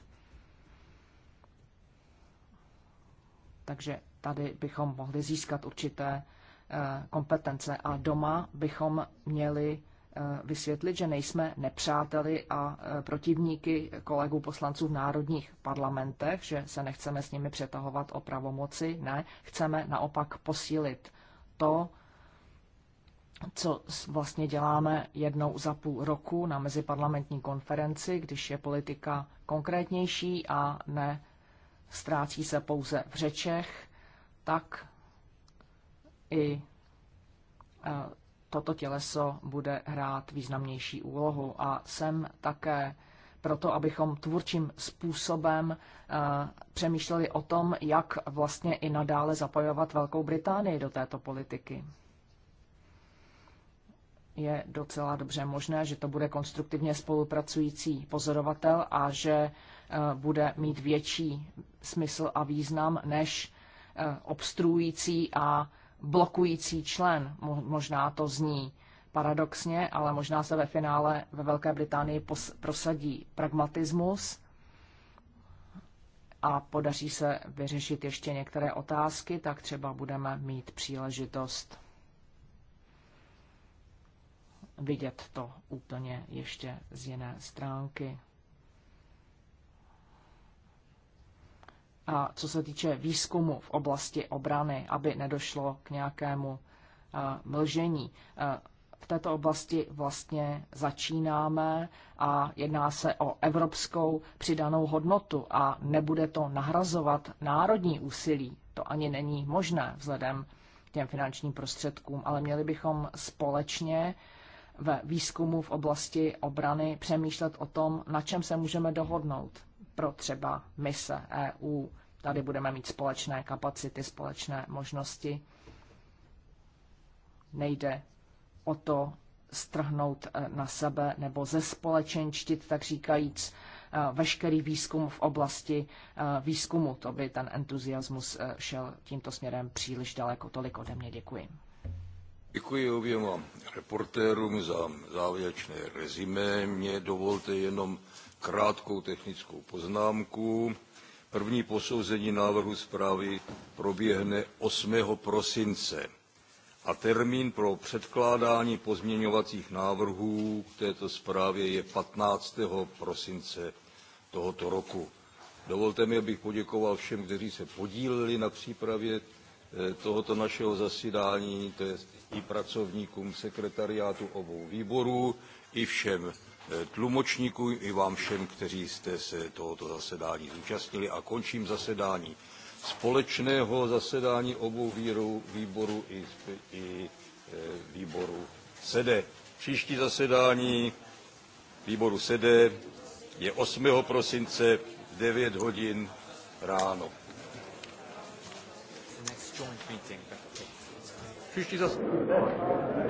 Takže tady bychom mohli získat určité eh, kompetence a doma bychom měli Eh, vysvětlit, že nejsme nepřáteli a eh, protivníky kolegů poslanců v národních parlamentech, že se nechceme s nimi přetahovat o pravomoci. Ne, chceme naopak posílit to, co vlastně děláme jednou za půl roku na meziparlamentní konferenci, když je politika konkrétnější a ne ztrácí se pouze v řečech, tak i eh, toto těleso bude hrát významnější úlohu. A jsem také proto, abychom tvůrčím způsobem eh, přemýšleli o tom, jak vlastně i nadále zapojovat Velkou Británii do této politiky. Je docela dobře možné, že to bude konstruktivně spolupracující pozorovatel a že eh, bude mít větší smysl a význam než eh, obstruující a blokující člen. Možná to zní paradoxně, ale možná se ve finále ve Velké Británii prosadí pragmatismus a podaří se vyřešit ještě některé otázky, tak třeba budeme mít příležitost vidět to úplně ještě z jiné stránky. co se týče výzkumu v oblasti obrany, aby nedošlo k nějakému eh, mlžení. Eh, v této oblasti vlastně začínáme a jedná se o evropskou přidanou hodnotu a nebude to nahrazovat národní úsilí. To ani není možné vzhledem k těm finančním prostředkům, ale měli bychom společně ve výzkumu v oblasti obrany přemýšlet o tom, na čem se můžeme dohodnout pro třeba mise EU. Tady budeme mít společné kapacity, společné možnosti. Nejde o to strhnout eh, na sebe nebo ze společenčtit, tak říkajíc, eh, veškerý výzkum v oblasti eh, výzkumu. To by ten entuziasmus šel tímto směrem příliš daleko. Tolik ode mě děkuji. Děkuji oběma reportérům za závěrečné rezime. Mně dovolte jenom krátkou technickou poznámku. První posouzení návrhu zprávy proběhne 8. prosince a termín pro předkládání pozměňovacích návrhů k této zprávě je 15. prosince tohoto roku. Dovolte mi, abych poděkoval všem, kteří se podíleli na přípravě eh, tohoto našeho zasedání, to je i pracovníkům sekretariátu obou výborů, i všem eh, tlumočníkům, i vám všem, kteří jste se tohoto zasedání zúčastnili. A končím zasedání společného zasedání obou výborů, výboru i, i eh, výboru SEDE. Příští zasedání výboru SEDE je 8. prosince 9 hodin ráno. The next joint meeting příští zas...